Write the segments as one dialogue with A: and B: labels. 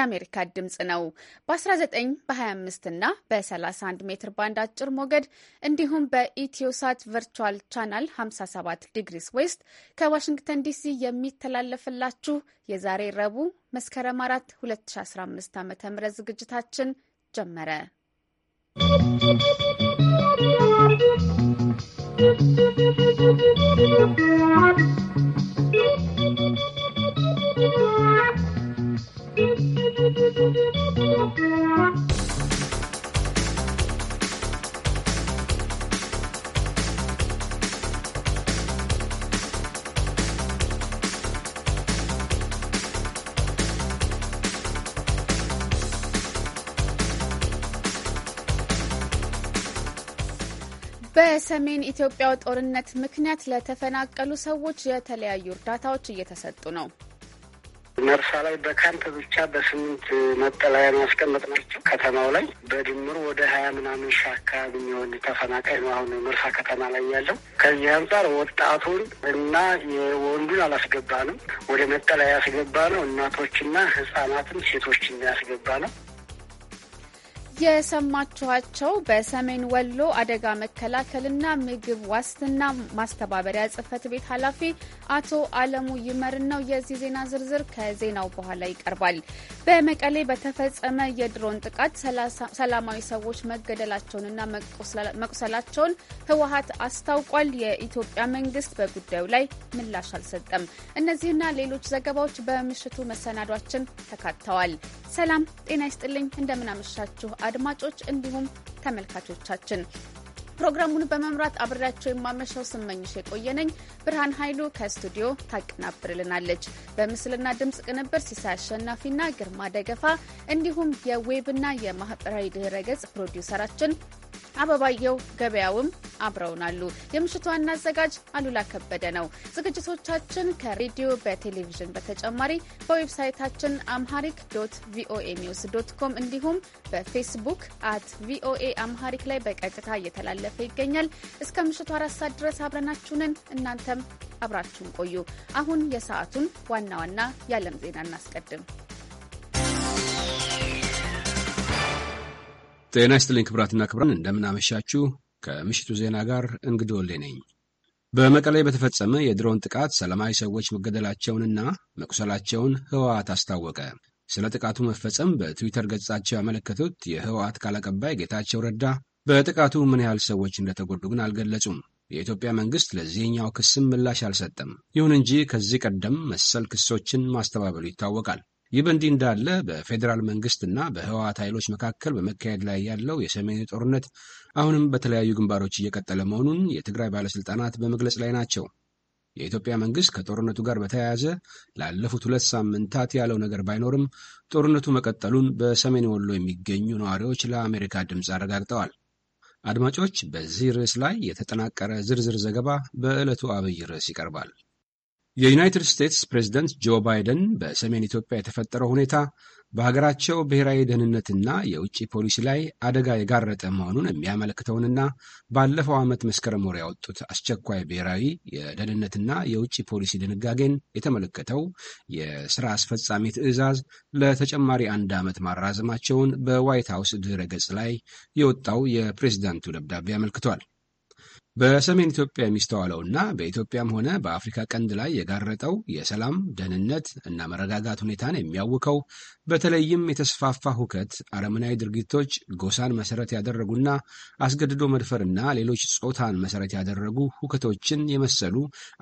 A: የአሜሪካ ድምፅ ነው። በ19 በ25 እና በ31 ሜትር ባንድ አጭር ሞገድ እንዲሁም በኢትዮሳት ቨርቹዋል ቻናል 57 ዲግሪስ ዌስት ከዋሽንግተን ዲሲ የሚተላለፍላችሁ የዛሬ ረቡዕ መስከረም 4 2015 ዓ ም ዝግጅታችን ጀመረ። ¶¶ በሰሜን ኢትዮጵያው ጦርነት ምክንያት ለተፈናቀሉ ሰዎች የተለያዩ እርዳታዎች እየተሰጡ ነው።
B: መርሳ ላይ በካምፕ ብቻ በስምንት መጠለያ ማስቀመጥ ናቸው። ከተማው ላይ በድምሩ ወደ ሀያ ምናምን ሺህ አካባቢ የሚሆን ተፈናቃይ ነው አሁን መርሳ ከተማ ላይ ያለው። ከዚህ አንጻር ወጣቱን እና የወንዱን አላስገባንም። ወደ መጠለያ ያስገባ ነው። እናቶችና ህጻናትን ሴቶችን ያስገባ ነው።
A: የሰማችኋቸው በሰሜን ወሎ አደጋ መከላከልና ምግብ ዋስትና ማስተባበሪያ ጽህፈት ቤት ኃላፊ አቶ አለሙ ይመርን ነው። የዚህ ዜና ዝርዝር ከዜናው በኋላ ይቀርባል። በመቀሌ በተፈጸመ የድሮን ጥቃት ሰላማዊ ሰዎች መገደላቸውንና መቁሰላቸውን ህወሀት አስታውቋል። የኢትዮጵያ መንግስት በጉዳዩ ላይ ምላሽ አልሰጠም። እነዚህና ሌሎች ዘገባዎች በምሽቱ መሰናዷችን ተካተዋል። ሰላም ጤና ይስጥልኝ። እንደምናመሻችሁ አድማጮች እንዲሁም ተመልካቾቻችን ፕሮግራሙን በመምራት አብሬያቸው የማመሻው ስመኝሽ የቆየነኝ ብርሃን ኃይሉ ከስቱዲዮ ታቀናብርልናለች። በምስልና ድምፅ ቅንብር ሲሳይ አሸናፊና ግርማ ደገፋ እንዲሁም የዌብና የማህበራዊ ድህረ ገጽ ፕሮዲውሰራችን አበባየው ገበያውም አብረውናሉ። የምሽቱ ዋና አዘጋጅ አሉላ ከበደ ነው። ዝግጅቶቻችን ከሬዲዮ በቴሌቪዥን በተጨማሪ በዌብሳይታችን አምሃሪክ ዶት ቪኦኤ ኒውስ ዶት ኮም እንዲሁም በፌስቡክ አት ቪኦኤ አምሃሪክ ላይ በቀጥታ እየተላለፈ ይገኛል። እስከ ምሽቱ አራት ሰዓት ድረስ አብረናችሁንን እናንተም አብራችሁን ቆዩ። አሁን የሰዓቱን ዋና ዋና የዓለም ዜና እናስቀድም።
C: ጤና ይስጥልኝ ክብራትና ክብራን፣ እንደምናመሻችሁ። ከምሽቱ ዜና ጋር እንግዲህ ወሌ ነኝ። በመቀሌ በተፈጸመ የድሮን ጥቃት ሰላማዊ ሰዎች መገደላቸውንና መቁሰላቸውን ህወሓት አስታወቀ። ስለ ጥቃቱ መፈጸም በትዊተር ገጻቸው ያመለከቱት የህወሓት ቃል አቀባይ ጌታቸው ረዳ በጥቃቱ ምን ያህል ሰዎች እንደተጎዱ ግን አልገለጹም። የኢትዮጵያ መንግሥት ለዚህኛው ክስም ምላሽ አልሰጠም። ይሁን እንጂ ከዚህ ቀደም መሰል ክሶችን ማስተባበሉ ይታወቃል። ይህ በእንዲህ እንዳለ በፌዴራል መንግስትና በህወሓት ኃይሎች መካከል በመካሄድ ላይ ያለው የሰሜኑ ጦርነት አሁንም በተለያዩ ግንባሮች እየቀጠለ መሆኑን የትግራይ ባለሥልጣናት በመግለጽ ላይ ናቸው። የኢትዮጵያ መንግስት ከጦርነቱ ጋር በተያያዘ ላለፉት ሁለት ሳምንታት ያለው ነገር ባይኖርም ጦርነቱ መቀጠሉን በሰሜን ወሎ የሚገኙ ነዋሪዎች ለአሜሪካ ድምፅ አረጋግጠዋል። አድማጮች፣ በዚህ ርዕስ ላይ የተጠናቀረ ዝርዝር ዘገባ በዕለቱ አብይ ርዕስ ይቀርባል። የዩናይትድ ስቴትስ ፕሬዝደንት ጆ ባይደን በሰሜን ኢትዮጵያ የተፈጠረው ሁኔታ በሀገራቸው ብሔራዊ ደህንነትና የውጭ ፖሊሲ ላይ አደጋ የጋረጠ መሆኑን የሚያመለክተውንና ባለፈው ዓመት መስከረም ወር ያወጡት አስቸኳይ ብሔራዊ የደህንነትና የውጭ ፖሊሲ ድንጋጌን የተመለከተው የሥራ አስፈጻሚ ትዕዛዝ ለተጨማሪ አንድ ዓመት ማራዘማቸውን በዋይት ሀውስ ድረ ገጽ ላይ የወጣው የፕሬዚዳንቱ ደብዳቤ አመልክቷል። በሰሜን ኢትዮጵያ የሚስተዋለውና በኢትዮጵያም ሆነ በአፍሪካ ቀንድ ላይ የጋረጠው የሰላም ደህንነት እና መረጋጋት ሁኔታን የሚያውከው በተለይም የተስፋፋ ሁከት፣ አረመናዊ ድርጊቶች፣ ጎሳን መሠረት ያደረጉና አስገድዶ መድፈርና ሌሎች ጾታን መሠረት ያደረጉ ሁከቶችን የመሰሉ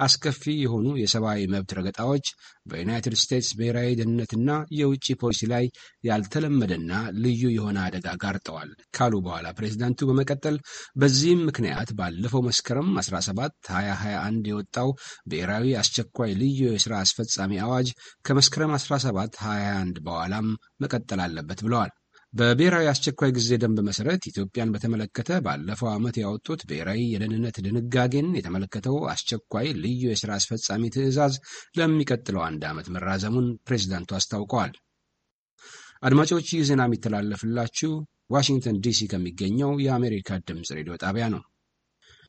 C: አስከፊ የሆኑ የሰብአዊ መብት ረገጣዎች በዩናይትድ ስቴትስ ብሔራዊ ደህንነትና የውጭ ፖሊሲ ላይ ያልተለመደና ልዩ የሆነ አደጋ ጋርጠዋል ካሉ በኋላ ፕሬዚዳንቱ በመቀጠል በዚህም ምክንያት ባለፈው መስከረም 17 2021 የወጣው ብሔራዊ አስቸኳይ ልዩ የሥራ አስፈጻሚ አዋጅ ከመስከረም 17 21 በኋላ ሰላም መቀጠል አለበት ብለዋል። በብሔራዊ አስቸኳይ ጊዜ ደንብ መሰረት ኢትዮጵያን በተመለከተ ባለፈው ዓመት ያወጡት ብሔራዊ የደህንነት ድንጋጌን የተመለከተው አስቸኳይ ልዩ የሥራ አስፈጻሚ ትዕዛዝ ለሚቀጥለው አንድ ዓመት መራዘሙን ፕሬዚዳንቱ አስታውቀዋል። አድማጮች ይህ ዜና የሚተላለፍላችሁ ዋሽንግተን ዲሲ ከሚገኘው የአሜሪካ ድምፅ ሬዲዮ ጣቢያ ነው።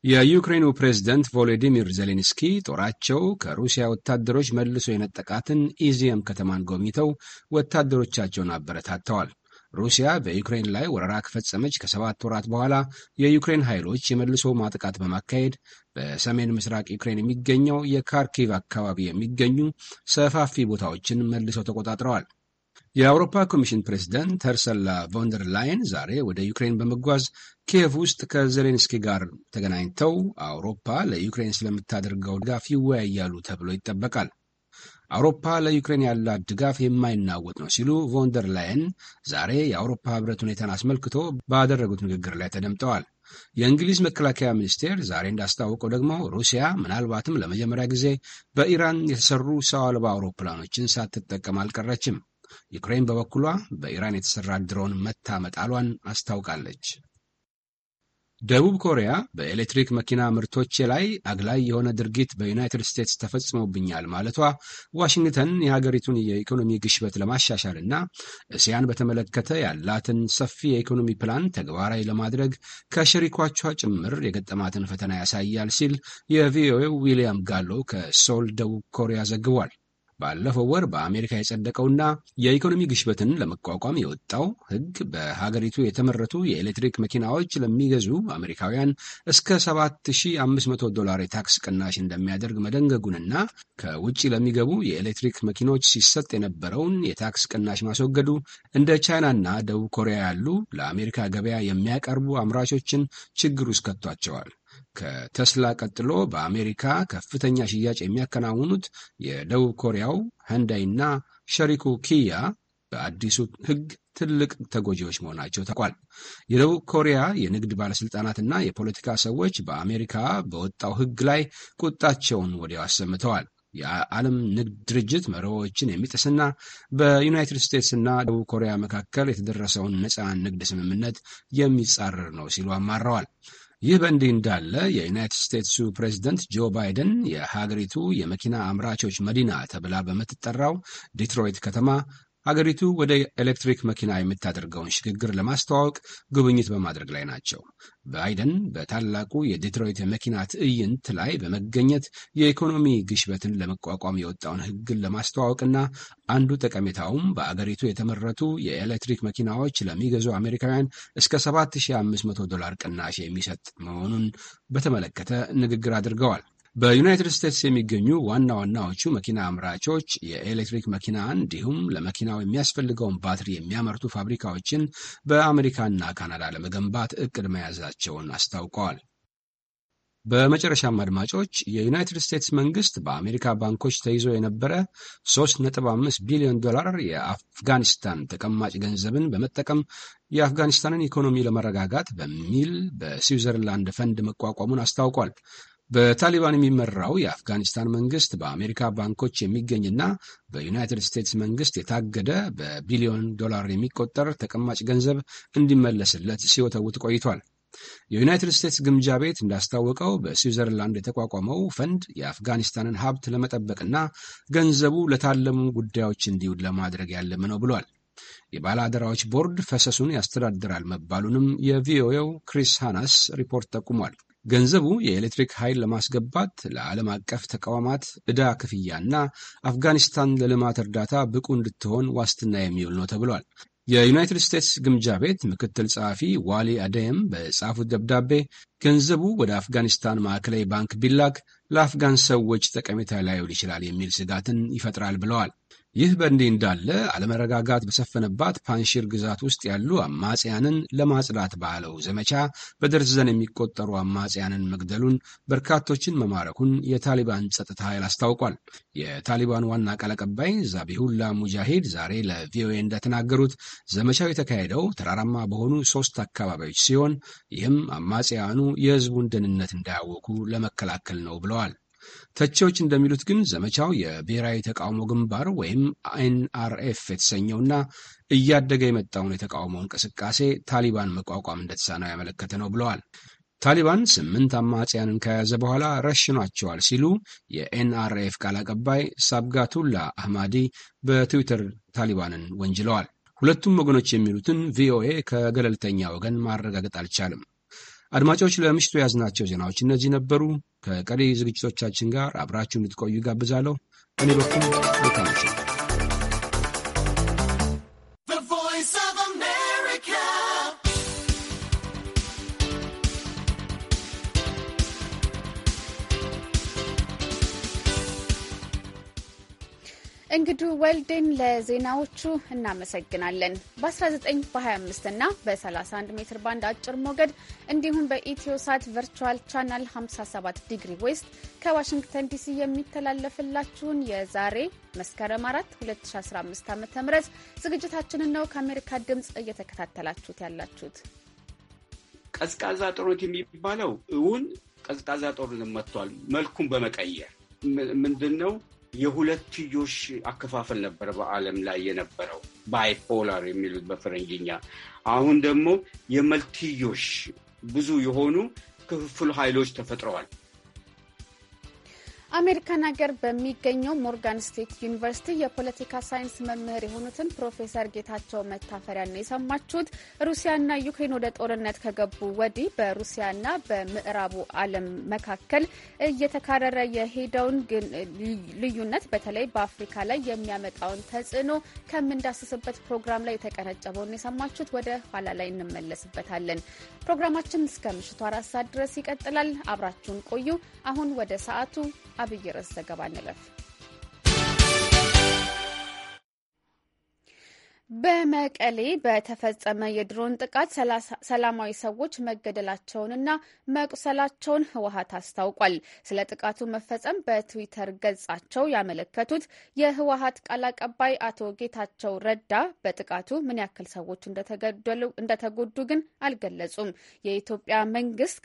C: የዩክሬኑ ፕሬዝደንት ቮሎዲሚር ዜሌንስኪ ጦራቸው ከሩሲያ ወታደሮች መልሶ የነጠቃትን ኢዚየም ከተማን ጎብኝተው ወታደሮቻቸውን አበረታተዋል። ሩሲያ በዩክሬን ላይ ወረራ ከፈጸመች ከሰባት ወራት በኋላ የዩክሬን ኃይሎች የመልሶ ማጥቃት በማካሄድ በሰሜን ምስራቅ ዩክሬን የሚገኘው የካርኪቭ አካባቢ የሚገኙ ሰፋፊ ቦታዎችን መልሰው ተቆጣጥረዋል። የአውሮፓ ኮሚሽን ፕሬዚደንት ተርሰላ ቮንደር ላይን ዛሬ ወደ ዩክሬን በመጓዝ ኪየቭ ውስጥ ከዜሌንስኪ ጋር ተገናኝተው አውሮፓ ለዩክሬን ስለምታደርገው ድጋፍ ይወያያሉ ተብሎ ይጠበቃል። አውሮፓ ለዩክሬን ያላት ድጋፍ የማይናወጥ ነው ሲሉ ቮንደር ላይን ዛሬ የአውሮፓ ሕብረት ሁኔታን አስመልክቶ ባደረጉት ንግግር ላይ ተደምጠዋል። የእንግሊዝ መከላከያ ሚኒስቴር ዛሬ እንዳስታወቀው ደግሞ ሩሲያ ምናልባትም ለመጀመሪያ ጊዜ በኢራን የተሰሩ ሰው አልባ አውሮፕላኖችን ሳትጠቀም አልቀረችም። ዩክሬን በበኩሏ በኢራን የተሰራ ድሮን መታ መጣሏን አስታውቃለች። ደቡብ ኮሪያ በኤሌክትሪክ መኪና ምርቶቼ ላይ አግላይ የሆነ ድርጊት በዩናይትድ ስቴትስ ተፈጽሞብኛል ማለቷ ዋሽንግተን የሀገሪቱን የኢኮኖሚ ግሽበት ለማሻሻል እና እስያን በተመለከተ ያላትን ሰፊ የኢኮኖሚ ፕላን ተግባራዊ ለማድረግ ከሸሪኳቿ ጭምር የገጠማትን ፈተና ያሳያል ሲል የቪኦኤው ዊሊያም ጋሎ ከሶል ደቡብ ኮሪያ ዘግቧል። ባለፈው ወር በአሜሪካ የጸደቀውና የኢኮኖሚ ግሽበትን ለመቋቋም የወጣው ሕግ በሀገሪቱ የተመረቱ የኤሌክትሪክ መኪናዎች ለሚገዙ አሜሪካውያን እስከ 7500 ዶላር የታክስ ቅናሽ እንደሚያደርግ መደንገጉንና ከውጭ ለሚገቡ የኤሌክትሪክ መኪኖች ሲሰጥ የነበረውን የታክስ ቅናሽ ማስወገዱ እንደ ቻይናና ደቡብ ኮሪያ ያሉ ለአሜሪካ ገበያ የሚያቀርቡ አምራቾችን ችግር ውስጥ ከቷቸዋል። ከተስላ ቀጥሎ በአሜሪካ ከፍተኛ ሽያጭ የሚያከናውኑት የደቡብ ኮሪያው ሀንዳይና ሸሪኩ ኪያ በአዲሱ ህግ ትልቅ ተጎጂዎች መሆናቸው ታውቋል። የደቡብ ኮሪያ የንግድ ባለስልጣናትና የፖለቲካ ሰዎች በአሜሪካ በወጣው ህግ ላይ ቁጣቸውን ወዲያው አሰምተዋል። የዓለም ንግድ ድርጅት መርሆዎችን የሚጥስና በዩናይትድ እና ደቡብ ኮሪያ መካከል የተደረሰውን ነፃ ንግድ ስምምነት የሚጻረር ነው ሲሉ አማረዋል። ይህ በእንዲህ እንዳለ የዩናይትድ ስቴትሱ ፕሬዚደንት ጆ ባይደን የሀገሪቱ የመኪና አምራቾች መዲና ተብላ በምትጠራው ዲትሮይት ከተማ አገሪቱ ወደ ኤሌክትሪክ መኪና የምታደርገውን ሽግግር ለማስተዋወቅ ጉብኝት በማድረግ ላይ ናቸው። ባይደን በታላቁ የዲትሮይት መኪና ትዕይንት ላይ በመገኘት የኢኮኖሚ ግሽበትን ለመቋቋም የወጣውን ሕግን ለማስተዋወቅና አንዱ ጠቀሜታውም በአገሪቱ የተመረቱ የኤሌክትሪክ መኪናዎች ለሚገዙ አሜሪካውያን እስከ 7500 ዶላር ቅናሽ የሚሰጥ መሆኑን በተመለከተ ንግግር አድርገዋል። በዩናይትድ ስቴትስ የሚገኙ ዋና ዋናዎቹ መኪና አምራቾች የኤሌክትሪክ መኪና እንዲሁም ለመኪናው የሚያስፈልገውን ባትሪ የሚያመርቱ ፋብሪካዎችን በአሜሪካና ካናዳ ለመገንባት እቅድ መያዛቸውን አስታውቀዋል። በመጨረሻም አድማጮች የዩናይትድ ስቴትስ መንግስት በአሜሪካ ባንኮች ተይዞ የነበረ 3.5 ቢሊዮን ዶላር የአፍጋኒስታን ተቀማጭ ገንዘብን በመጠቀም የአፍጋኒስታንን ኢኮኖሚ ለመረጋጋት በሚል በስዊዘርላንድ ፈንድ መቋቋሙን አስታውቋል። በታሊባን የሚመራው የአፍጋኒስታን መንግስት በአሜሪካ ባንኮች የሚገኝና በዩናይትድ ስቴትስ መንግስት የታገደ በቢሊዮን ዶላር የሚቆጠር ተቀማጭ ገንዘብ እንዲመለስለት ሲወተውት ቆይቷል። የዩናይትድ ስቴትስ ግምጃ ቤት እንዳስታወቀው በስዊዘርላንድ የተቋቋመው ፈንድ የአፍጋኒስታንን ሀብት ለመጠበቅና ገንዘቡ ለታለሙ ጉዳዮች እንዲውል ለማድረግ ያለመ ነው ብሏል። የባለአደራዎች ቦርድ ፈሰሱን ያስተዳድራል መባሉንም የቪኦኤው ክሪስ ሃናስ ሪፖርት ጠቁሟል። ገንዘቡ የኤሌክትሪክ ኃይል ለማስገባት ለዓለም አቀፍ ተቋማት ዕዳ ክፍያና አፍጋኒስታን ለልማት እርዳታ ብቁ እንድትሆን ዋስትና የሚውል ነው ተብሏል። የዩናይትድ ስቴትስ ግምጃ ቤት ምክትል ጸሐፊ ዋሊ አደየም በጻፉት ደብዳቤ ገንዘቡ ወደ አፍጋኒስታን ማዕከላዊ ባንክ ቢላክ ለአፍጋን ሰዎች ጠቀሜታ ላይውል ይችላል የሚል ስጋትን ይፈጥራል ብለዋል። ይህ በእንዲህ እንዳለ አለመረጋጋት በሰፈነባት ፓንሺር ግዛት ውስጥ ያሉ አማጽያንን ለማጽዳት ባለው ዘመቻ በደርዘን የሚቆጠሩ አማጽያንን መግደሉን፣ በርካቶችን መማረኩን የታሊባን ጸጥታ ኃይል አስታውቋል። የታሊባን ዋና ቃል አቀባይ ዛቢሁላ ሙጃሂድ ዛሬ ለቪኦኤ እንደተናገሩት ዘመቻው የተካሄደው ተራራማ በሆኑ ሶስት አካባቢዎች ሲሆን ይህም አማጽያኑ የህዝቡን ደህንነት እንዳያወኩ ለመከላከል ነው ብለዋል። ተቺዎች እንደሚሉት ግን ዘመቻው የብሔራዊ ተቃውሞ ግንባር ወይም ኤንአርኤፍ የተሰኘውና እያደገ የመጣውን የተቃውሞ እንቅስቃሴ ታሊባን መቋቋም እንደተሳነው ያመለከተ ነው ብለዋል። ታሊባን ስምንት አማጽያንን ከያዘ በኋላ ረሽኗቸዋል ሲሉ የኤንአርኤፍ ቃል አቀባይ ሳብጋቱላ አህማዲ በትዊተር ታሊባንን ወንጅለዋል። ሁለቱም ወገኖች የሚሉትን ቪኦኤ ከገለልተኛ ወገን ማረጋገጥ አልቻለም። አድማጮች፣ ለምሽቱ የያዝናቸው ዜናዎች እነዚህ ነበሩ። ከቀሪ ዝግጅቶቻችን ጋር አብራችሁ እንድትቆዩ ጋብዛለሁ። እኔ በኩል ናቸው።
A: እንግዱ ወልዴን ለዜናዎቹ እናመሰግናለን። በ19 በ25 እና በ31 ሜትር ባንድ አጭር ሞገድ እንዲሁም በኢትዮሳት ቨርቹዋል ቻናል 57 ዲግሪ ዌስት ከዋሽንግተን ዲሲ የሚተላለፍላችሁን የዛሬ መስከረም 4 2015 ዓ ም ዝግጅታችንን ነው ከአሜሪካ ድምፅ እየተከታተላችሁት ያላችሁት።
D: ቀዝቃዛ ጦርነት የሚባለው እውን ቀዝቃዛ ጦርነት መጥቷል፣ መልኩን
C: በመቀየር ምንድን ነው የሁለትዮሽ አከፋፈል ነበረ በዓለም ላይ የነበረው ባይፖላር የሚሉት በፈረንጅኛ። አሁን ደግሞ የመልትዮሽ ብዙ የሆኑ ክፍፍል ኃይሎች ተፈጥረዋል።
A: አሜሪካን ሀገር በሚገኘው ሞርጋን ስቴት ዩኒቨርሲቲ የፖለቲካ ሳይንስ መምህር የሆኑትን ፕሮፌሰር ጌታቸው መታፈሪያ ነው የሰማችሁት። ሩሲያና ዩክሬን ወደ ጦርነት ከገቡ ወዲህ በሩሲያና በምዕራቡ ዓለም መካከል እየተካረረ የሄደውን ልዩነት በተለይ በአፍሪካ ላይ የሚያመጣውን ተጽዕኖ ከምንዳስስበት ፕሮግራም ላይ የተቀነጨበውን የሰማችሁት። ወደ ኋላ ላይ እንመለስበታለን። ፕሮግራማችን እስከ ምሽቱ አራት ሰዓት ድረስ ይቀጥላል። አብራችሁን ቆዩ። አሁን ወደ ሰዓቱ አብይ ርዕስ ዘገባ እንለፍ። በመቀሌ በተፈጸመ የድሮን ጥቃት ሰላማዊ ሰዎች መገደላቸውንና መቁሰላቸውን ህወሀት አስታውቋል። ስለ ጥቃቱ መፈጸም በትዊተር ገጻቸው ያመለከቱት የህወሀት ቃል አቀባይ አቶ ጌታቸው ረዳ በጥቃቱ ምን ያክል ሰዎች እንደተጎዱ ግን አልገለጹም። የኢትዮጵያ መንግስት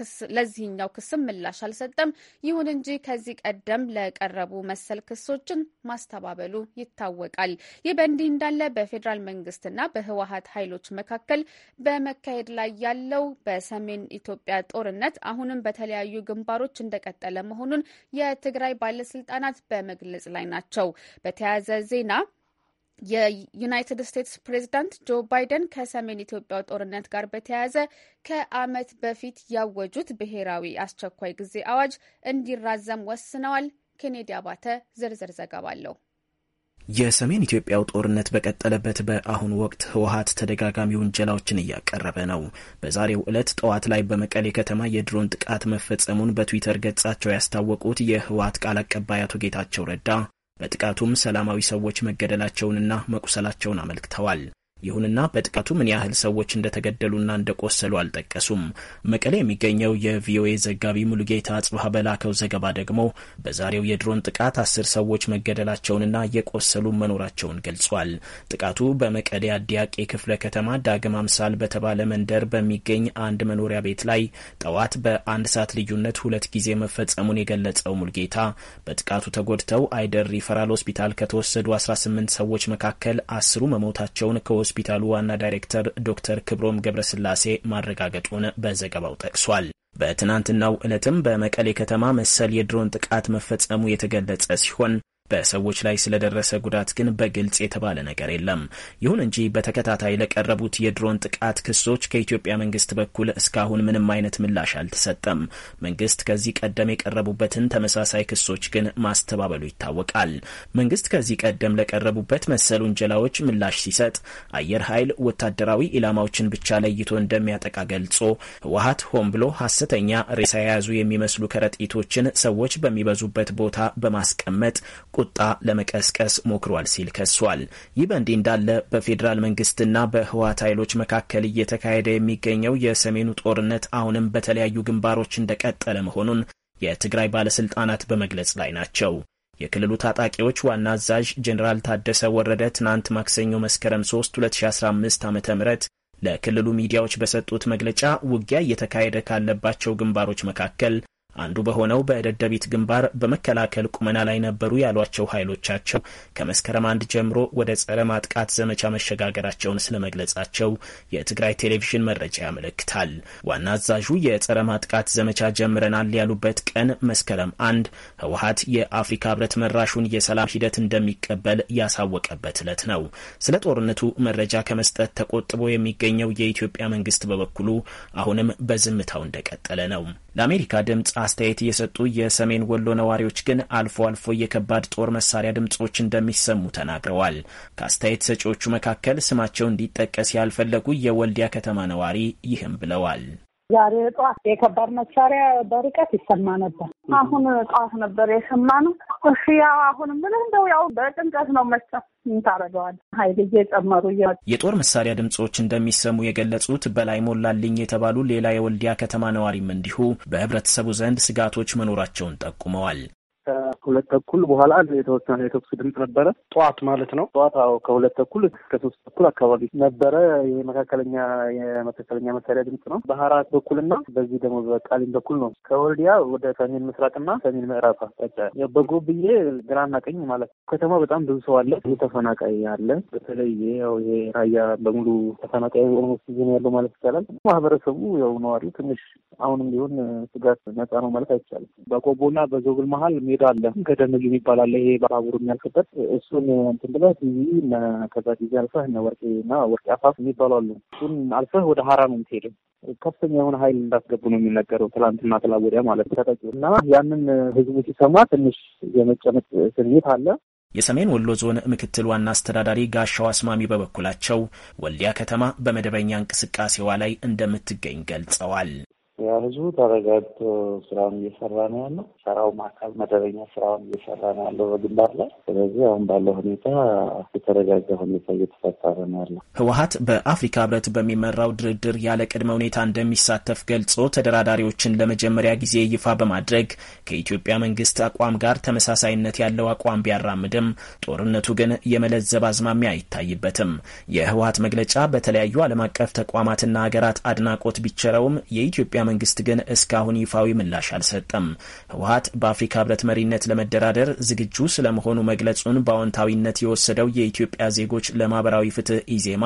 A: ክስ ለዚህኛው ክስም ምላሽ አልሰጠም። ይሁን እንጂ ከዚህ ቀደም ለቀረቡ መሰል ክሶችን ማስተባበሉ ይታወቃል። ይህ በእንዲህ እንዳለ በፌዴራል መንግስትና በህወሀት ኃይሎች መካከል በመካሄድ ላይ ያለው በሰሜን ኢትዮጵያ ጦርነት አሁንም በተለያዩ ግንባሮች እንደቀጠለ መሆኑን የትግራይ ባለስልጣናት በመግለጽ ላይ ናቸው። በተያያዘ ዜና የዩናይትድ ስቴትስ ፕሬዚዳንት ጆ ባይደን ከሰሜን ኢትዮጵያው ጦርነት ጋር በተያያዘ ከዓመት በፊት ያወጁት ብሔራዊ አስቸኳይ ጊዜ አዋጅ እንዲራዘም ወስነዋል። ኬኔዲ አባተ ዝርዝር ዘገባ አለው።
E: የሰሜን ኢትዮጵያው ጦርነት በቀጠለበት በአሁኑ ወቅት ህወሀት ተደጋጋሚ ውንጀላዎችን እያቀረበ ነው። በዛሬው ዕለት ጠዋት ላይ በመቀሌ ከተማ የድሮን ጥቃት መፈጸሙን በትዊተር ገጻቸው ያስታወቁት የህወሀት ቃል አቀባይ አቶ ጌታቸው ረዳ በጥቃቱም ሰላማዊ ሰዎች መገደላቸውንና መቁሰላቸውን አመልክተዋል። ይሁንና በጥቃቱ ምን ያህል ሰዎች እንደተገደሉና እንደቆሰሉ አልጠቀሱም። መቀሌ የሚገኘው የቪኦኤ ዘጋቢ ሙሉጌታ አጽብሃ በላከው ዘገባ ደግሞ በዛሬው የድሮን ጥቃት አስር ሰዎች መገደላቸውንና የቆሰሉ መኖራቸውን ገልጿል። ጥቃቱ በመቀሌ አዲያቄ ክፍለ ከተማ ዳግም አምሳል በተባለ መንደር በሚገኝ አንድ መኖሪያ ቤት ላይ ጠዋት በአንድ ሰዓት ልዩነት ሁለት ጊዜ መፈጸሙን የገለጸው ሙሉጌታ በጥቃቱ ተጎድተው አይደር ሪፈራል ሆስፒታል ከተወሰዱ 18 ሰዎች መካከል አስሩ መሞታቸውን ከወ ሆስፒታሉ ዋና ዳይሬክተር ዶክተር ክብሮም ገብረስላሴ ማረጋገጡን በዘገባው ጠቅሷል። በትናንትናው ዕለትም በመቀሌ ከተማ መሰል የድሮን ጥቃት መፈጸሙ የተገለጸ ሲሆን በሰዎች ላይ ስለደረሰ ጉዳት ግን በግልጽ የተባለ ነገር የለም። ይሁን እንጂ በተከታታይ ለቀረቡት የድሮን ጥቃት ክሶች ከኢትዮጵያ መንግስት በኩል እስካሁን ምንም አይነት ምላሽ አልተሰጠም። መንግስት ከዚህ ቀደም የቀረቡበትን ተመሳሳይ ክሶች ግን ማስተባበሉ ይታወቃል። መንግስት ከዚህ ቀደም ለቀረቡበት መሰል ውንጀላዎች ምላሽ ሲሰጥ አየር ኃይል ወታደራዊ ኢላማዎችን ብቻ ለይቶ እንደሚያጠቃ ገልጾ ህወሀት ሆን ብሎ ሀሰተኛ ሬሳ የያዙ የሚመስሉ ከረጢቶችን ሰዎች በሚበዙበት ቦታ በማስቀመጥ ቁጣ ለመቀስቀስ ሞክሯል ሲል ከሷል። ይህ በእንዲህ እንዳለ በፌዴራል መንግስትና በህወሓት ኃይሎች መካከል እየተካሄደ የሚገኘው የሰሜኑ ጦርነት አሁንም በተለያዩ ግንባሮች እንደቀጠለ መሆኑን የትግራይ ባለስልጣናት በመግለጽ ላይ ናቸው። የክልሉ ታጣቂዎች ዋና አዛዥ ጄኔራል ታደሰ ወረደ ትናንት ማክሰኞ መስከረም 3 2015 ዓ ም ለክልሉ ሚዲያዎች በሰጡት መግለጫ ውጊያ እየተካሄደ ካለባቸው ግንባሮች መካከል አንዱ በሆነው በደደቢት ግንባር በመከላከል ቁመና ላይ ነበሩ ያሏቸው ኃይሎቻቸው ከመስከረም አንድ ጀምሮ ወደ ጸረ ማጥቃት ዘመቻ መሸጋገራቸውን ስለመግለጻቸው የትግራይ ቴሌቪዥን መረጃ ያመለክታል። ዋና አዛዡ የጸረ ማጥቃት ዘመቻ ጀምረናል ያሉበት ቀን መስከረም አንድ ህወሀት የአፍሪካ ህብረት መራሹን የሰላም ሂደት እንደሚቀበል ያሳወቀበት ዕለት ነው። ስለ ጦርነቱ መረጃ ከመስጠት ተቆጥቦ የሚገኘው የኢትዮጵያ መንግስት በበኩሉ አሁንም በዝምታው እንደቀጠለ ነው። ለአሜሪካ ድምፅ አስተያየት እየሰጡ የሰሜን ወሎ ነዋሪዎች ግን አልፎ አልፎ የከባድ ጦር መሳሪያ ድምፆች እንደሚሰሙ ተናግረዋል። ከአስተያየት ሰጪዎቹ መካከል ስማቸው እንዲጠቀስ ያልፈለጉ የወልዲያ ከተማ ነዋሪ ይህም ብለዋል።
F: ዛሬ ጠዋት የከባድ መሳሪያ በርቀት ይሰማ ነበር። አሁን ጠዋት ነበር የሰማነው። እሺ ያው አሁን ምን እንደው ያው በጭንቀት ነው መቻ ታረገዋል ሀይል እየጨመሩ
E: የጦር መሳሪያ ድምፆች እንደሚሰሙ የገለጹት በላይ ሞላልኝ የተባሉ ሌላ የወልዲያ ከተማ ነዋሪም እንዲሁ በህብረተሰቡ ዘንድ ስጋቶች መኖራቸውን ጠቁመዋል።
D: ከሁለት ተኩል በኋላ የተወሰነ የተኩስ ድምፅ ነበረ። ጠዋት ማለት ነው። ጠዋት አዎ፣ ከሁለት ተኩል እስከ ሶስት ተኩል አካባቢ ነበረ። ይህ መካከለኛ የመካከለኛ መሳሪያ ድምፅ ነው። ባህራት በኩልና በዚህ ደግሞ በቃሊም በኩል ነው። ከወልዲያ ወደ ሰሜን ምስራቅና ሰሜን ምዕራብ አቅጣጫ በጎብዬ ግራና ቀኝ ማለት ነው። ከተማ በጣም ብዙ ሰው አለ። ብዙ ተፈናቃይ አለ። በተለይ ያው ይሄ ራያ በሙሉ ተፈናቃይ ኦሮሞ ሲዝን ያለው ማለት ይቻላል። ማህበረሰቡ ያው ነዋሪው ትንሽ አሁንም ቢሆን ስጋት ነጻ ነው ማለት አይቻልም። በቆቦና በዞብል መሀል ሜዳ አለ። ገደምዩ የሚባል አለ። ይሄ ባቡር የሚያልፍበት እሱን እንትን ብለህ ቲቪ
G: ከዛ ጊዜ አልፈህ እነ ወርቄ እና ወርቄ አፋፍ የሚባሉ አሉ። እሱን አልፈህ ወደ ሀራ ነው የምትሄደው።
D: ከፍተኛ የሆነ ኃይል እንዳስገቡ ነው የሚነገረው። ትላንትና ትላወዲያ ማለት ተጠቂ እና ያንን ህዝቡ ሲሰማ ትንሽ የመጨመጥ ስሜት አለ።
E: የሰሜን ወሎ ዞን ምክትል ዋና አስተዳዳሪ ጋሻው አስማሚ በበኩላቸው ወልዲያ ከተማ በመደበኛ እንቅስቃሴዋ ላይ እንደምትገኝ ገልጸዋል።
G: ያ ህዝቡ ተረጋግቶ ስራውን እየሰራ ነው ያለው። ሰራውም አካል መደበኛ ስራውን እየሰራ ነው ያለው በግንባር ላይ። ስለዚህ አሁን ባለው ሁኔታ የተረጋጋ ሁኔታ እየተፈጠረ ነው ያለው።
E: ህወሀት በአፍሪካ ህብረት በሚመራው ድርድር ያለ ቅድመ ሁኔታ እንደሚሳተፍ ገልጾ ተደራዳሪዎችን ለመጀመሪያ ጊዜ ይፋ በማድረግ ከኢትዮጵያ መንግስት አቋም ጋር ተመሳሳይነት ያለው አቋም ቢያራምድም ጦርነቱ ግን የመለዘብ አዝማሚያ አይታይበትም። የህወሀት መግለጫ በተለያዩ ዓለም አቀፍ ተቋማትና ሀገራት አድናቆት ቢቸረውም የኢትዮጵያ መንግስት ግን እስካሁን ይፋዊ ምላሽ አልሰጠም። ህወሀት በአፍሪካ ህብረት መሪነት ለመደራደር ዝግጁ ስለመሆኑ መግለጹን በአዎንታዊነት የወሰደው የኢትዮጵያ ዜጎች ለማህበራዊ ፍትህ ኢዜማ፣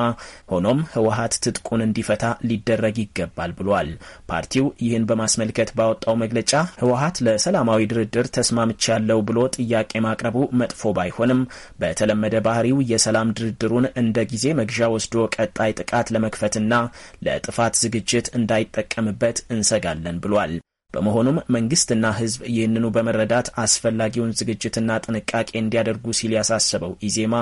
E: ሆኖም ህወሀት ትጥቁን እንዲፈታ ሊደረግ ይገባል ብሏል። ፓርቲው ይህን በማስመልከት ባወጣው መግለጫ ህወሀት ለሰላማዊ ድርድር ተስማምቻለሁ ብሎ ጥያቄ ማቅረቡ መጥፎ ባይሆንም በተለመደ ባህሪው የሰላም ድርድሩን እንደ ጊዜ መግዣ ወስዶ ቀጣይ ጥቃት ለመክፈትና ለጥፋት ዝግጅት እንዳይጠቀምበት እንሰጋለን ብሏል። በመሆኑም መንግስትና ህዝብ ይህንኑ በመረዳት አስፈላጊውን ዝግጅትና ጥንቃቄ እንዲያደርጉ ሲል ያሳሰበው ኢዜማ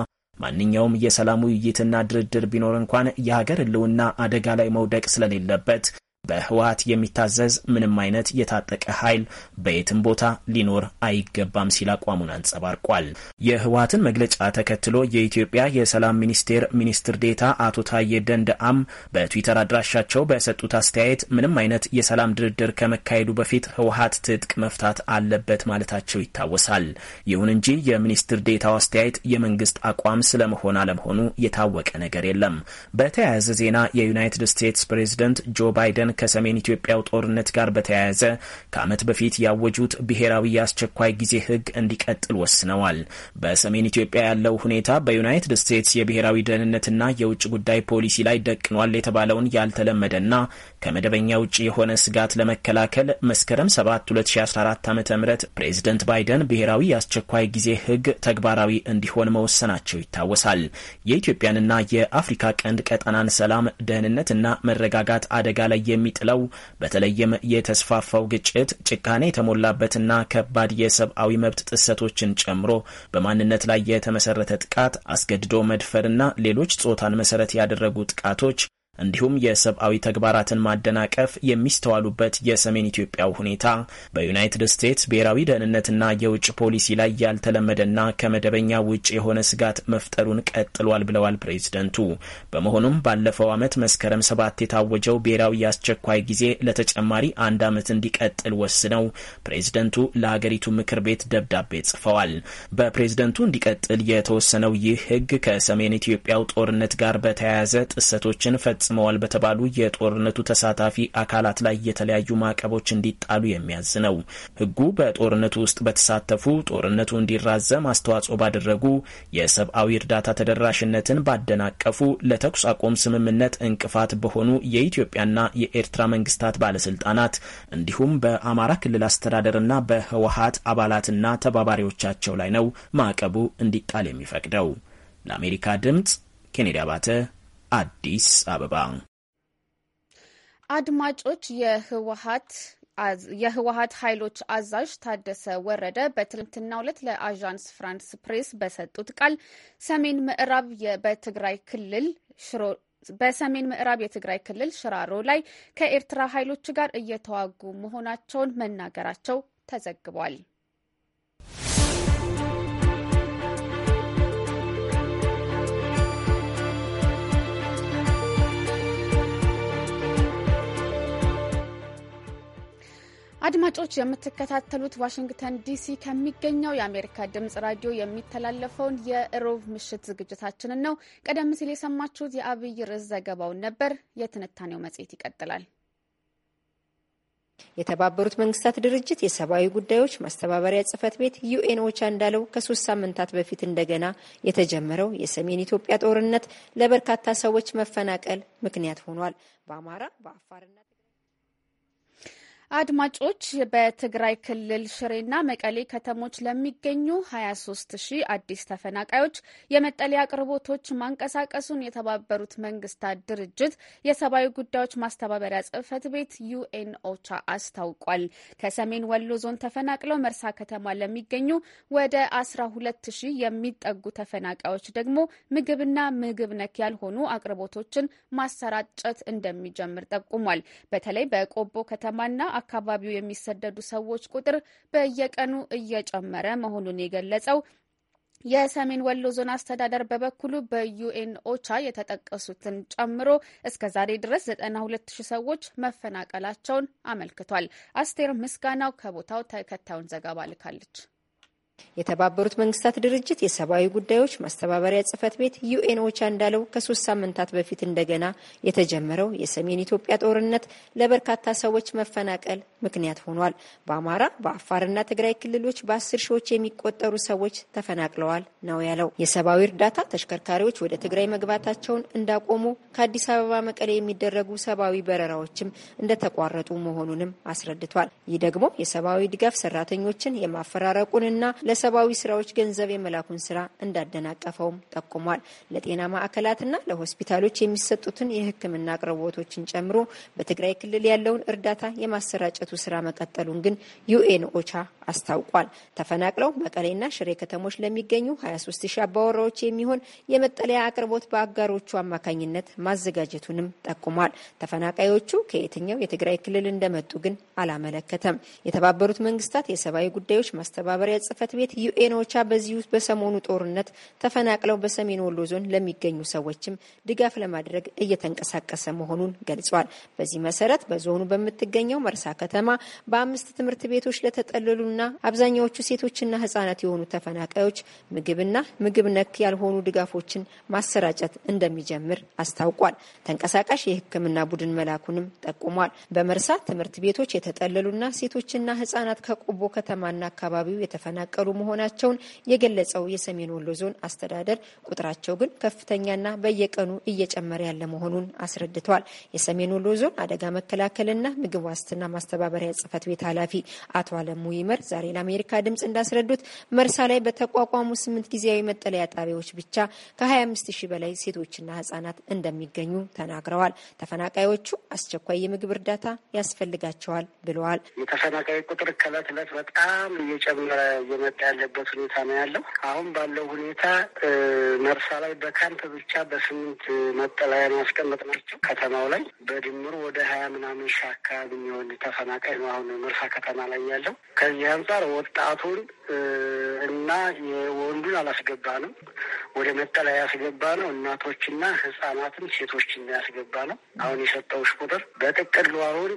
E: ማንኛውም የሰላም ውይይትና ድርድር ቢኖር እንኳን የሀገር ህልውና አደጋ ላይ መውደቅ ስለሌለበት በህወሀት የሚታዘዝ ምንም አይነት የታጠቀ ኃይል በየትም ቦታ ሊኖር አይገባም ሲል አቋሙን አንጸባርቋል። የህወሀትን መግለጫ ተከትሎ የኢትዮጵያ የሰላም ሚኒስቴር ሚኒስትር ዴታ አቶ ታዬ ደንደአም በትዊተር አድራሻቸው በሰጡት አስተያየት ምንም አይነት የሰላም ድርድር ከመካሄዱ በፊት ህወሀት ትጥቅ መፍታት አለበት ማለታቸው ይታወሳል። ይሁን እንጂ የሚኒስትር ዴታው አስተያየት የመንግስት አቋም ስለመሆን አለመሆኑ የታወቀ ነገር የለም። በተያያዘ ዜና የዩናይትድ ስቴትስ ፕሬዝደንት ጆ ባይደን ከሰሜን ኢትዮጵያው ጦርነት ጋር በተያያዘ ከዓመት በፊት ያወጁት ብሔራዊ የአስቸኳይ ጊዜ ሕግ እንዲቀጥል ወስነዋል። በሰሜን ኢትዮጵያ ያለው ሁኔታ በዩናይትድ ስቴትስ የብሔራዊ ደህንነትና የውጭ ጉዳይ ፖሊሲ ላይ ደቅኗል የተባለውን ያልተለመደና ከመደበኛ ውጭ የሆነ ስጋት ለመከላከል መስከረም 7 2014 ዓ ም ፕሬዝደንት ባይደን ብሔራዊ የአስቸኳይ ጊዜ ህግ ተግባራዊ እንዲሆን መወሰናቸው ይታወሳል። የኢትዮጵያንና የአፍሪካ ቀንድ ቀጠናን ሰላም፣ ደህንነትና መረጋጋት አደጋ ላይ የሚጥለው በተለይም የተስፋፋው ግጭት ጭካኔ የተሞላበትና ከባድ የሰብአዊ መብት ጥሰቶችን ጨምሮ በማንነት ላይ የተመሰረተ ጥቃት፣ አስገድዶ መድፈርና ሌሎች ጾታን መሰረት ያደረጉ ጥቃቶች እንዲሁም የሰብአዊ ተግባራትን ማደናቀፍ የሚስተዋሉበት የሰሜን ኢትዮጵያው ሁኔታ በዩናይትድ ስቴትስ ብሔራዊ ደህንነትና የውጭ ፖሊሲ ላይ ያልተለመደና ከመደበኛ ውጭ የሆነ ስጋት መፍጠሩን ቀጥሏል ብለዋል ፕሬዚደንቱ በመሆኑም ባለፈው ዓመት መስከረም ሰባት የታወጀው ብሔራዊ የአስቸኳይ ጊዜ ለተጨማሪ አንድ ዓመት እንዲቀጥል ወስነው ፕሬዝደንቱ ለሀገሪቱ ምክር ቤት ደብዳቤ ጽፈዋል። በፕሬዝደንቱ እንዲቀጥል የተወሰነው ይህ ህግ ከሰሜን ኢትዮጵያው ጦርነት ጋር በተያያዘ ጥሰቶችን ፈ ፈጽመዋል በተባሉ የጦርነቱ ተሳታፊ አካላት ላይ የተለያዩ ማዕቀቦች እንዲጣሉ የሚያዝ ነው። ህጉ በጦርነቱ ውስጥ በተሳተፉ ጦርነቱ እንዲራዘም አስተዋጽኦ ባደረጉ፣ የሰብአዊ እርዳታ ተደራሽነትን ባደናቀፉ፣ ለተኩስ አቁም ስምምነት እንቅፋት በሆኑ የኢትዮጵያና የኤርትራ መንግስታት ባለስልጣናት እንዲሁም በአማራ ክልል አስተዳደርና በህወሀት አባላትና ተባባሪዎቻቸው ላይ ነው ማዕቀቡ እንዲጣል የሚፈቅደው። ለአሜሪካ ድምጽ ኬኔዲ አባተ አዲስ አበባ።
A: አድማጮች የህወሀት የህወሀት ኃይሎች አዛዥ ታደሰ ወረደ በትናንትናው ዕለት ለአዣንስ ፍራንስ ፕሬስ በሰጡት ቃል ሰሜን ምዕራብ በትግራይ ክልል ሽሮ በሰሜን ምዕራብ የትግራይ ክልል ሽራሮ ላይ ከኤርትራ ኃይሎች ጋር እየተዋጉ መሆናቸውን መናገራቸው ተዘግቧል። አድማጮች የምትከታተሉት ዋሽንግተን ዲሲ ከሚገኘው የአሜሪካ ድምጽ ራዲዮ የሚተላለፈውን የእሮብ ምሽት ዝግጅታችንን ነው። ቀደም ሲል የሰማችሁት የአብይ ርዕስ ዘገባውን ነበር። የትንታኔው መጽሔት ይቀጥላል።
H: የተባበሩት መንግስታት ድርጅት የሰብአዊ ጉዳዮች ማስተባበሪያ ጽህፈት ቤት ዩኤን ኦቻ እንዳለው ከሶስት ሳምንታት በፊት እንደገና የተጀመረው የሰሜን ኢትዮጵያ ጦርነት ለበርካታ ሰዎች መፈናቀል ምክንያት ሆኗል። በአማራ በአፋርና
A: አድማጮች በትግራይ ክልል ሽሬና መቀሌ ከተሞች ለሚገኙ 23 ሺህ አዲስ ተፈናቃዮች የመጠለያ አቅርቦቶች ማንቀሳቀሱን የተባበሩት መንግስታት ድርጅት የሰብአዊ ጉዳዮች ማስተባበሪያ ጽህፈት ቤት ዩኤን ኦቻ አስታውቋል። ከሰሜን ወሎ ዞን ተፈናቅለው መርሳ ከተማ ለሚገኙ ወደ 12 ሺህ የሚጠጉ ተፈናቃዮች ደግሞ ምግብና ምግብ ነክ ያልሆኑ አቅርቦቶችን ማሰራጨት እንደሚጀምር ጠቁሟል። በተለይ በቆቦ ከተማና አካባቢው የሚሰደዱ ሰዎች ቁጥር በየቀኑ እየጨመረ መሆኑን የገለጸው የሰሜን ወሎ ዞን አስተዳደር በበኩሉ በዩኤን ኦቻ የተጠቀሱትን ጨምሮ እስከ ዛሬ ድረስ 92 ሺህ ሰዎች መፈናቀላቸውን አመልክቷል። አስቴር ምስጋናው ከቦታው ተከታዩን ዘገባ ልካለች።
H: የተባበሩት መንግስታት ድርጅት የሰብአዊ ጉዳዮች ማስተባበሪያ ጽህፈት ቤት ዩኤን ኦቻ እንዳለው ከሶስት ሳምንታት በፊት እንደገና የተጀመረው የሰሜን ኢትዮጵያ ጦርነት ለበርካታ ሰዎች መፈናቀል ምክንያት ሆኗል። በአማራ በአፋርና ትግራይ ክልሎች በአስር ሺዎች የሚቆጠሩ ሰዎች ተፈናቅለዋል ነው ያለው። የሰብአዊ እርዳታ ተሽከርካሪዎች ወደ ትግራይ መግባታቸውን እንዳቆሙ፣ ከአዲስ አበባ መቀሌ የሚደረጉ ሰብአዊ በረራዎችም እንደተቋረጡ መሆኑንም አስረድቷል። ይህ ደግሞ የሰብአዊ ድጋፍ ሰራተኞችን የማፈራረቁንና ለሰብአዊ ስራዎች ገንዘብ የመላኩን ስራ እንዳደናቀፈውም ጠቁሟል። ለጤና ማዕከላትና ለሆስፒታሎች የሚሰጡትን የሕክምና አቅርቦቶችን ጨምሮ በትግራይ ክልል ያለውን እርዳታ የማሰራጨቱ ስራ መቀጠሉን ግን ዩኤን ኦቻ አስታውቋል። ተፈናቅለው መቀሌና ሽሬ ከተሞች ለሚገኙ 23 ሺ አባወራዎች የሚሆን የመጠለያ አቅርቦት በአጋሮቹ አማካኝነት ማዘጋጀቱንም ጠቁሟል። ተፈናቃዮቹ ከየትኛው የትግራይ ክልል እንደመጡ ግን አላመለከተም። የተባበሩት መንግስታት የሰብአዊ ጉዳዮች ማስተባበሪያ ጽህፈት ቤት ዩኤን ኦቻ በዚሁ በሰሞኑ ጦርነት ተፈናቅለው በሰሜን ወሎ ዞን ለሚገኙ ሰዎችም ድጋፍ ለማድረግ እየተንቀሳቀሰ መሆኑን ገልጿል። በዚህ መሰረት በዞኑ በምትገኘው መርሳ ከተማ በአምስት ትምህርት ቤቶች ለተጠለሉና አብዛኛዎቹ ሴቶችና ህጻናት የሆኑ ተፈናቃዮች ምግብና ምግብ ነክ ያልሆኑ ድጋፎችን ማሰራጨት እንደሚጀምር አስታውቋል። ተንቀሳቃሽ የህክምና ቡድን መላኩንም ጠቁሟል። በመርሳ ትምህርት ቤቶች የተጠለሉና ሴቶችና ህጻናት ከቆቦ ከተማና አካባቢው የተፈናቀሉ የተፈናቀሉ መሆናቸውን የገለጸው የሰሜን ወሎ ዞን አስተዳደር ቁጥራቸው ግን ከፍተኛና በየቀኑ እየጨመረ ያለ መሆኑን አስረድተዋል። የሰሜን ወሎ ዞን አደጋ መከላከልና ምግብ ዋስትና ማስተባበሪያ ጽህፈት ቤት ኃላፊ አቶ አለሙ ይመር ዛሬ ለአሜሪካ ድምጽ እንዳስረዱት መርሳ ላይ በተቋቋሙ ስምንት ጊዜያዊ መጠለያ ጣቢያዎች ብቻ ከ25 ሺህ በላይ ሴቶችና ህጻናት እንደሚገኙ ተናግረዋል። ተፈናቃዮቹ አስቸኳይ የምግብ እርዳታ ያስፈልጋቸዋል ብለዋል።
B: የተፈናቃዮች ቁጥር ከእለት እለት በጣም እየጨመረ እየተሰጠ ያለበት ሁኔታ ነው ያለው። አሁን ባለው ሁኔታ መርሳ ላይ በካምፕ ብቻ በስምንት መጠለያ ማስቀመጥ ናቸው። ከተማው ላይ በድምሩ ወደ ሀያ ምናምን ሺህ አካባቢ የሚሆን ተፈናቃይ ነው አሁን መርሳ ከተማ ላይ ያለው። ከዚህ አንጻር ወጣቱን እና ወንዱን አላስገባ ነው ወደ መጠለያ ያስገባ ነው። እናቶችና ህጻናትን ሴቶችን ያስገባ ነው። አሁን የሰጠውሽ ቁጥር በጥቅሉ አሁን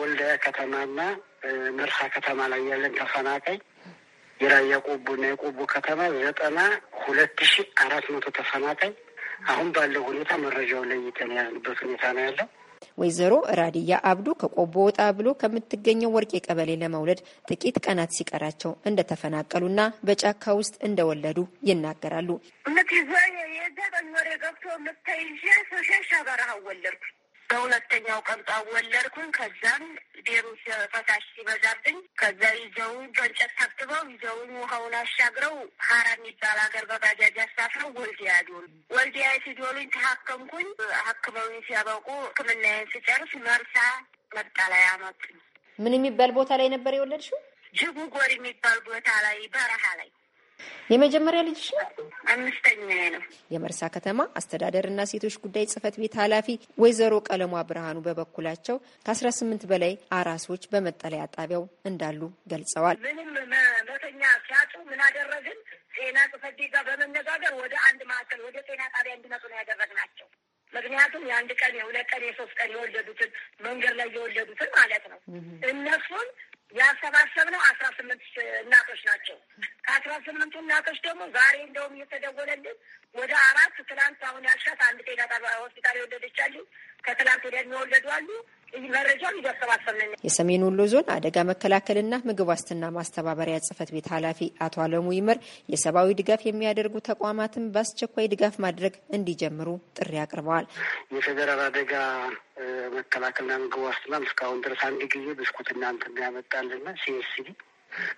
B: ወልዳያ ከተማና መርሳ ከተማ ላይ ያለን ተፈናቃይ የራያ ቆቦና የቆቦ ከተማ ዘጠና ሁለት ሺ አራት መቶ ተፈናቃይ አሁን ባለው ሁኔታ መረጃው ለይተን ያሉበት ሁኔታ ነው ያለው።
H: ወይዘሮ ራዲያ አብዱ ከቆቦ ወጣ ብሎ ከምትገኘው ወርቄ ቀበሌ ለመውለድ ጥቂት ቀናት ሲቀራቸው እንደተፈናቀሉና በጫካ ውስጥ እንደወለዱ ይናገራሉ።
B: ምትይዞ የዘጠኝ ወር ገብቶ ምተይዤ ሶሻሻ በረሃ ወለድኩ በሁለተኛው ቀምጣ ወለድኩኝ። ከዛም ቤሩት ፈሳሽ ሲበዛብኝ ከዛ ይዘው በእንጨት ተብትበው ይዘውኝ ውሃውን አሻግረው ሀራ የሚባል ሀገር በባጃጅ አሳፍረው ወልዲያ ዶሉ ወልዲያ ሲዶሉኝ ተሀከምኩኝ። ሐክመውኝ ሲያበቁ ሕክምናዬን ስጨርስ መርሳ
H: መጠለያ መጡኝ። ምን የሚባል ቦታ ላይ ነበር የወለድሽው? ጅቡ ጎር የሚባል ቦታ ላይ በረሃ ላይ የመጀመሪያ ልጅሽ ነው? አምስተኛ ነው። የመርሳ ከተማ አስተዳደርና ሴቶች ጉዳይ ጽህፈት ቤት ኃላፊ ወይዘሮ ቀለሟ ብርሃኑ በበኩላቸው ከአስራ ስምንት በላይ አራሶች በመጠለያ ጣቢያው እንዳሉ ገልጸዋል። ምንም
B: መተኛ ሲያጡ ምን አደረግን? ጤና ጽህፈት ቤት ጋር በመነጋገር ወደ አንድ ማዕከል ወደ ጤና ጣቢያ እንዲመጡ ነው ያደረግናቸው። ምክንያቱም የአንድ ቀን የሁለት ቀን የሶስት ቀን የወለዱትን መንገድ ላይ የወለዱትን ማለት ነው እነሱን ያሰባሰብነው አስራ ስምንት እናቶች ናቸው። ከአስራ ስምንቱ እናቶች ደግሞ ዛሬ እንደውም እየተደወለልን ወደ አራት ትናንት አሁን ያልሻት አንድ ጤና ጣቢያ ሆስፒታል የወለደቻሉ ከትላንት ወዲያ የሚወለዱ አሉ። መረጃውን
H: እያሰባሰብ ነው። የሰሜን ወሎ ዞን አደጋ መከላከልና ምግብ ዋስትና ማስተባበሪያ ጽህፈት ቤት ኃላፊ አቶ አለሙ ይመር የሰብአዊ ድጋፍ የሚያደርጉ ተቋማትን በአስቸኳይ ድጋፍ ማድረግ እንዲጀምሩ ጥሪ አቅርበዋል።
B: የፌዴራል አደጋ መከላከልና ምግብ ዋስትና እስካሁን ድረስ አንድ ጊዜ ብስኩት እናንት ያመጣልና ሲኤስሲዲ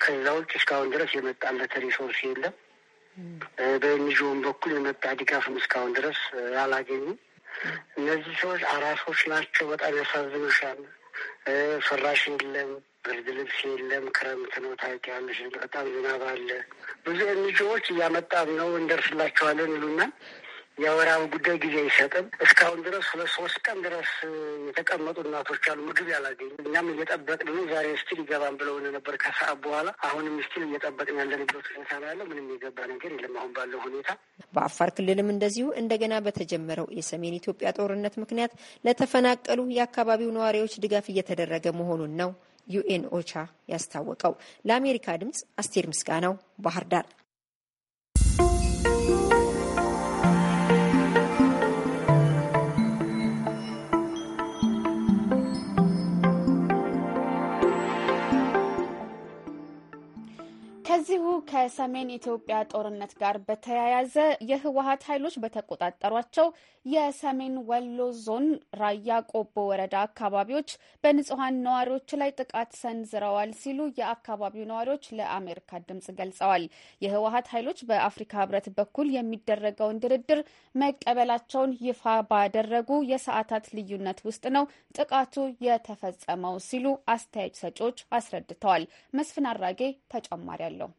B: ከዛ ውጭ እስካሁን ድረስ የመጣለት ሪሶርስ የለም። በኤንጂኦን በኩል የመጣ ድጋፍም እስካሁን ድረስ አላገኙም። እነዚህ ሰዎች አራሶች ናቸው። በጣም ያሳዝኑሻል። ፍራሽ የለም፣ ብርድ ልብስ የለም። ክረምት ነው ታውቂያለሽ፣ በጣም ዝናብ አለ። ብዙ ኤንጂኦዎች እያመጣን ነው እንደርስላቸዋለን ይሉናል። የወራዊ ጉዳይ ጊዜ አይሰጥም። እስካሁን ድረስ ሁለት ሶስት ቀን ድረስ የተቀመጡ እናቶች አሉ ምግብ ያላገኙ። እኛም እየጠበቅን ነው። ዛሬ ስቲል ይገባን ብለውን ነበር ከሰዓት በኋላ። አሁንም ስቲል እየጠበቅን ያለንበት ሁኔታ ነው ያለው። ምንም የገባ ነገር የለም አሁን ባለው ሁኔታ።
H: በአፋር ክልልም እንደዚሁ እንደገና በተጀመረው የሰሜን ኢትዮጵያ ጦርነት ምክንያት ለተፈናቀሉ የአካባቢው ነዋሪዎች ድጋፍ እየተደረገ መሆኑን ነው ዩኤን ኦቻ ያስታወቀው። ለአሜሪካ ድምጽ አስቴር ምስጋናው ባህር ዳር።
A: ከዚሁ ከሰሜን ኢትዮጵያ ጦርነት ጋር በተያያዘ የህወሀት ኃይሎች በተቆጣጠሯቸው የሰሜን ወሎ ዞን ራያ ቆቦ ወረዳ አካባቢዎች በንጹሐን ነዋሪዎች ላይ ጥቃት ሰንዝረዋል ሲሉ የአካባቢው ነዋሪዎች ለአሜሪካ ድምጽ ገልጸዋል። የህወሀት ኃይሎች በአፍሪካ ህብረት በኩል የሚደረገውን ድርድር መቀበላቸውን ይፋ ባደረጉ የሰዓታት ልዩነት ውስጥ ነው ጥቃቱ የተፈጸመው ሲሉ አስተያየት ሰጪዎች አስረድተዋል። መስፍን አራጌ ተጨማሪ አለው።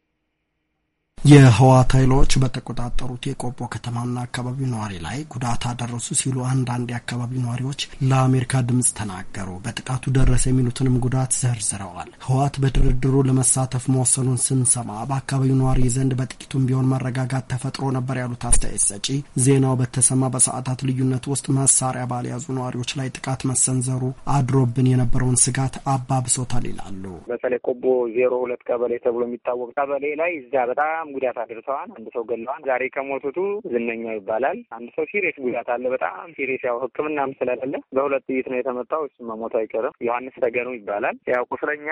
I: የህወሓት ኃይሎች በተቆጣጠሩት የቆቦ ከተማና አካባቢ ነዋሪ ላይ ጉዳት አደረሱ ሲሉ አንዳንድ የአካባቢ ነዋሪዎች ለአሜሪካ ድምፅ ተናገሩ። በጥቃቱ ደረሰ የሚሉትንም ጉዳት ዘርዝረዋል። ህወሓት በድርድሩ ለመሳተፍ መወሰኑን ስንሰማ በአካባቢው ነዋሪ ዘንድ በጥቂቱም ቢሆን መረጋጋት ተፈጥሮ ነበር ያሉት አስተያየት ሰጪ፣ ዜናው በተሰማ በሰዓታት ልዩነት ውስጥ መሳሪያ ባልያዙ ነዋሪዎች ላይ ጥቃት መሰንዘሩ አድሮብን የነበረውን ስጋት አባብሶታል ይላሉ።
G: በተለይ ቆቦ ዜሮ ሁለት ቀበሌ ተብሎ የሚታወቅ ቀበሌ ላይ እዚያ በጣም በጣም ጉዳት አድርሰዋል። አንድ ሰው ገለዋል። ዛሬ ከሞቱቱ ዝነኛው ይባላል። አንድ ሰው ሲሪየስ ጉዳት አለ። በጣም ሲሪየስ ያው ሕክምናም ስለሌለ በሁለት ጥይት ነው የተመታው። እሱ መሞቱ አይቀርም። ዮሐንስ ተገኑ ይባላል። ያው ቁስለኛ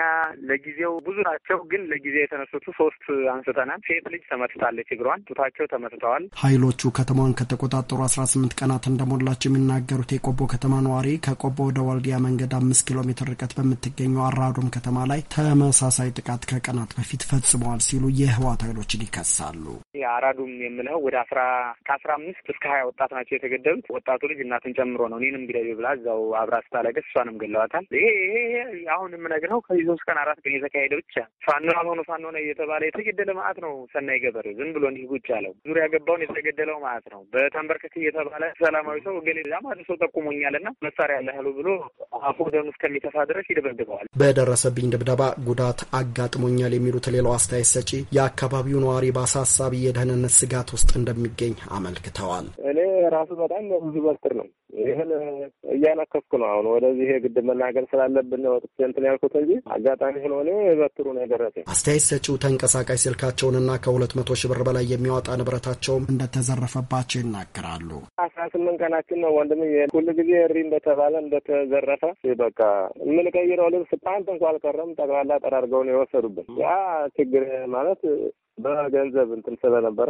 G: ለጊዜው ብዙ ናቸው፣ ግን ለጊዜው የተነሱቱ ሶስት አንስተናል። ሴት ልጅ ተመትታለች፣ እግሯን ጡታቸው ተመትተዋል።
I: ኃይሎቹ ከተማዋን ከተቆጣጠሩ አስራ ስምንት ቀናት እንደሞላቸው የሚናገሩት የቆቦ ከተማ ነዋሪ ከቆቦ ወደ ዋልዲያ መንገድ አምስት ኪሎ ሜትር ርቀት በምትገኘው አራዶም ከተማ ላይ ተመሳሳይ ጥቃት ከቀናት በፊት ፈጽመዋል ሲሉ የህወሓት ኃይሎች ይከሳሉ።
G: አራዱም የምለው ወደ አስራ ከአስራ አምስት እስከ ሀያ ወጣት ናቸው የተገደሉት። ወጣቱ ልጅ እናትን ጨምሮ ነው። እኔንም ግደሉ ብላ እዛው አብራ ስታለቅስ እሷንም ገለዋታል። ይሄ ይሄ አሁን የምነግረው ከዚህ ሶስት ቀን አራት ቀን የተካሄደ ብቻ ፋኖ ያልሆኑ ፋኖ ነ እየተባለ የተገደለ ማለት ነው። ሰናይ ገበሬ ዝም ብሎ እንዲህ ጉጭ አለው ዙሪያ ገባውን የተገደለው ማለት ነው። በተንበርከክ እየተባለ ሰላማዊ ሰው ገሌላ ማለት ሰው ጠቁሞኛል ጠቁሞኛልና መሳሪያ ያለ ያሉ ብሎ አፉ ደም እስከሚተፋ
D: ድረስ ይደበድበዋል።
I: በደረሰብኝ ድብደባ ጉዳት አጋጥሞኛል የሚሉት ሌላው አስተያየት ሰጪ የአካባቢው ነዋ ነዋሪ በአሳሳቢ የደህንነት ስጋት ውስጥ እንደሚገኝ አመልክተዋል።
D: እኔ ራሱ በጣም በብዙ በትር ነው ይህን እያነከፍኩ ነው። አሁን ወደዚህ ግድብ መናገር ስላለብን ወጥቼ እንትን ያልኩት እንጂ አጋጣሚ ሆኖ በትሩ ነው የደረሰኝ።
I: አስተያየት ሰጪው ተንቀሳቃሽ ስልካቸውንና ከሁለት መቶ ሺህ ብር በላይ የሚያወጣ ንብረታቸውም እንደተዘረፈባቸው ይናገራሉ።
D: አስራ ስምንት ቀናችን ነው ወንድም ሁሉ ጊዜ እሪ እንደተባለ እንደተዘረፈ በቃ የምንቀይረው ልብስ ፓንት እንኳ አልቀረም። ጠቅላላ ጠራርገውን የወሰዱብን ያ ችግር ማለት በገንዘብ እንትን ስለነበረ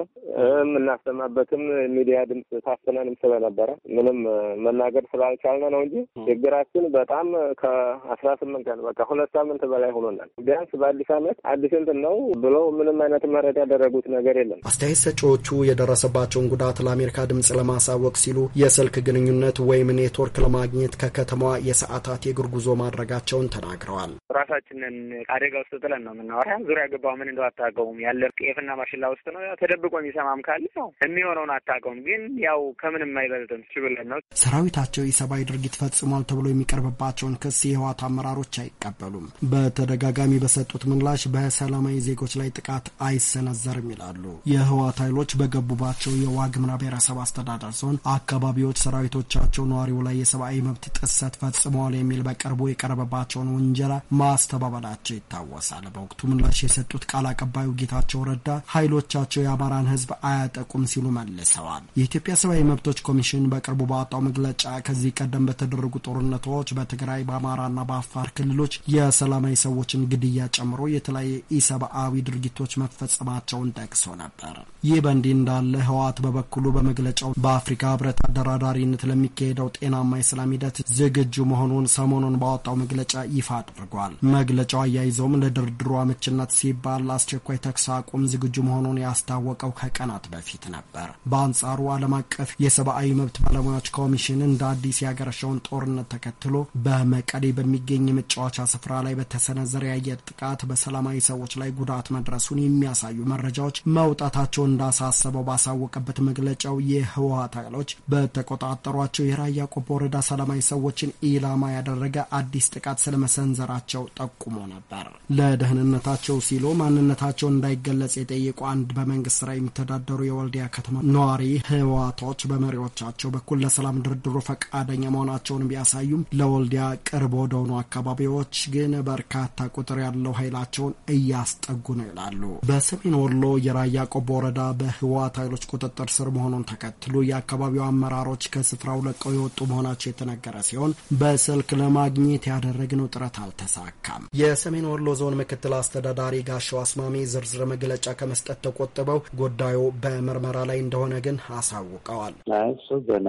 D: የምናሰማበትም ሚዲያ ድምፅ ታፍነንም ስለነበረ ምንም መናገር ስላልቻልን ነው እንጂ ችግራችን በጣም ከአስራ ስምንት ቀን በቃ ሁለት ሳምንት በላይ ሆኖናል። ቢያንስ በአዲስ ዓመት አዲስ እንትን ነው ብለው ምንም አይነት መረድ ያደረጉት ነገር የለም።
I: አስተያየት ሰጪዎቹ የደረሰባቸውን ጉዳት ለአሜሪካ ድምፅ ለማሳወቅ ሲሉ የስልክ ግንኙነት ወይም ኔትወርክ ለማግኘት ከከተማዋ የሰዓታት የእግር ጉዞ ማድረጋቸውን ተናግረዋል።
G: ራሳችንን አደጋ ውስጥ ጥለን ነው የምናወራ። ዙሪያ ገባው ምን እንደው አታገቡም
D: ያለ ጤፍና ማሽላ ውስጥ ነው። ያው ተደብቆ የሚሰማም ካለ ነው የሚሆነውን አታውቀውም። ግን ያው ከምንም አይበልጥም ችብለን ነው።
I: ሰራዊታቸው የሰብአዊ ድርጊት ፈጽሟል ተብሎ የሚቀርብባቸውን ክስ የህወሓት አመራሮች
D: አይቀበሉም።
I: በተደጋጋሚ በሰጡት ምላሽ በሰላማዊ ዜጎች ላይ ጥቃት አይሰነዘርም ይላሉ። የህወሓት ኃይሎች በገቡባቸው የዋግምራ ብሔረሰብ አስተዳደር ዞን አካባቢዎች ሰራዊቶቻቸው ነዋሪው ላይ የሰብአዊ መብት ጥሰት ፈጽመዋል የሚል በቅርቡ የቀረበባቸውን ውንጀላ ማስተባበላቸው ይታወሳል። በወቅቱ ምላሽ የሰጡት ቃል አቀባዩ ጌታቸው ረዳ ኃይሎቻቸው የአማራን ሕዝብ አያጠቁም ሲሉ መልሰዋል። የኢትዮጵያ ሰብአዊ መብቶች ኮሚሽን በቅርቡ ባወጣው መግለጫ ከዚህ ቀደም በተደረጉ ጦርነቶች በትግራይ በአማራና በአፋር ክልሎች የሰላማዊ ሰዎችን ግድያ ጨምሮ የተለያዩ ኢሰብአዊ ድርጊቶች መፈጸማቸውን ጠቅሶ ነበር። ይህ በእንዲህ እንዳለ ህወሓት በበኩሉ በመግለጫው በአፍሪካ ህብረት አደራዳሪነት ለሚካሄደው ጤናማ የሰላም ሂደት ዝግጁ መሆኑን ሰሞኑን ባወጣው መግለጫ ይፋ አድርጓል። መግለጫው አያይዘውም ለድርድሩ አመችነት ሲባል አስቸኳይ ተኩስ ለማቆም ዝግጁ መሆኑን ያስታወቀው ከቀናት በፊት ነበር። በአንጻሩ ዓለም አቀፍ የሰብአዊ መብት ባለሙያዎች ኮሚሽን እንደ አዲስ ያገረሸውን ጦርነት ተከትሎ በመቀሌ በሚገኝ የመጫወቻ ስፍራ ላይ በተሰነዘረ የአየር ጥቃት በሰላማዊ ሰዎች ላይ ጉዳት መድረሱን የሚያሳዩ መረጃዎች መውጣታቸው እንዳሳሰበው ባሳወቀበት መግለጫው የህወሀት ኃይሎች በተቆጣጠሯቸው የራያ ቆቦ ወረዳ ሰላማዊ ሰዎችን ኢላማ ያደረገ አዲስ ጥቃት ስለመሰንዘራቸው ጠቁሞ ነበር። ለደህንነታቸው ሲሉ ማንነታቸው እንዳይገለ እንዲገለጽ የጠየቁ አንድ በመንግስት ስራ የሚተዳደሩ የወልዲያ ከተማ ነዋሪ ህወሓቶች በመሪዎቻቸው በኩል ለሰላም ድርድሩ ፈቃደኛ መሆናቸውን ቢያሳዩም ለወልዲያ ቅርብ ወደሆኑ አካባቢዎች ግን በርካታ ቁጥር ያለው ኃይላቸውን እያስጠጉ ነው ይላሉ። በሰሜን ወሎ የራያ ቆቦ ወረዳ በህወሓት ኃይሎች ቁጥጥር ስር መሆኑን ተከትሎ የአካባቢው አመራሮች ከስፍራው ለቀው የወጡ መሆናቸው የተነገረ ሲሆን በስልክ ለማግኘት ያደረግነው ጥረት አልተሳካም። የሰሜን ወሎ ዞን ምክትል አስተዳዳሪ ጋሻው አስማሜ ዝርዝር መግለ መግለጫ ከመስጠት ተቆጥበው ጉዳዩ በምርመራ ላይ እንደሆነ ግን አሳውቀዋል።
G: እሱ ገና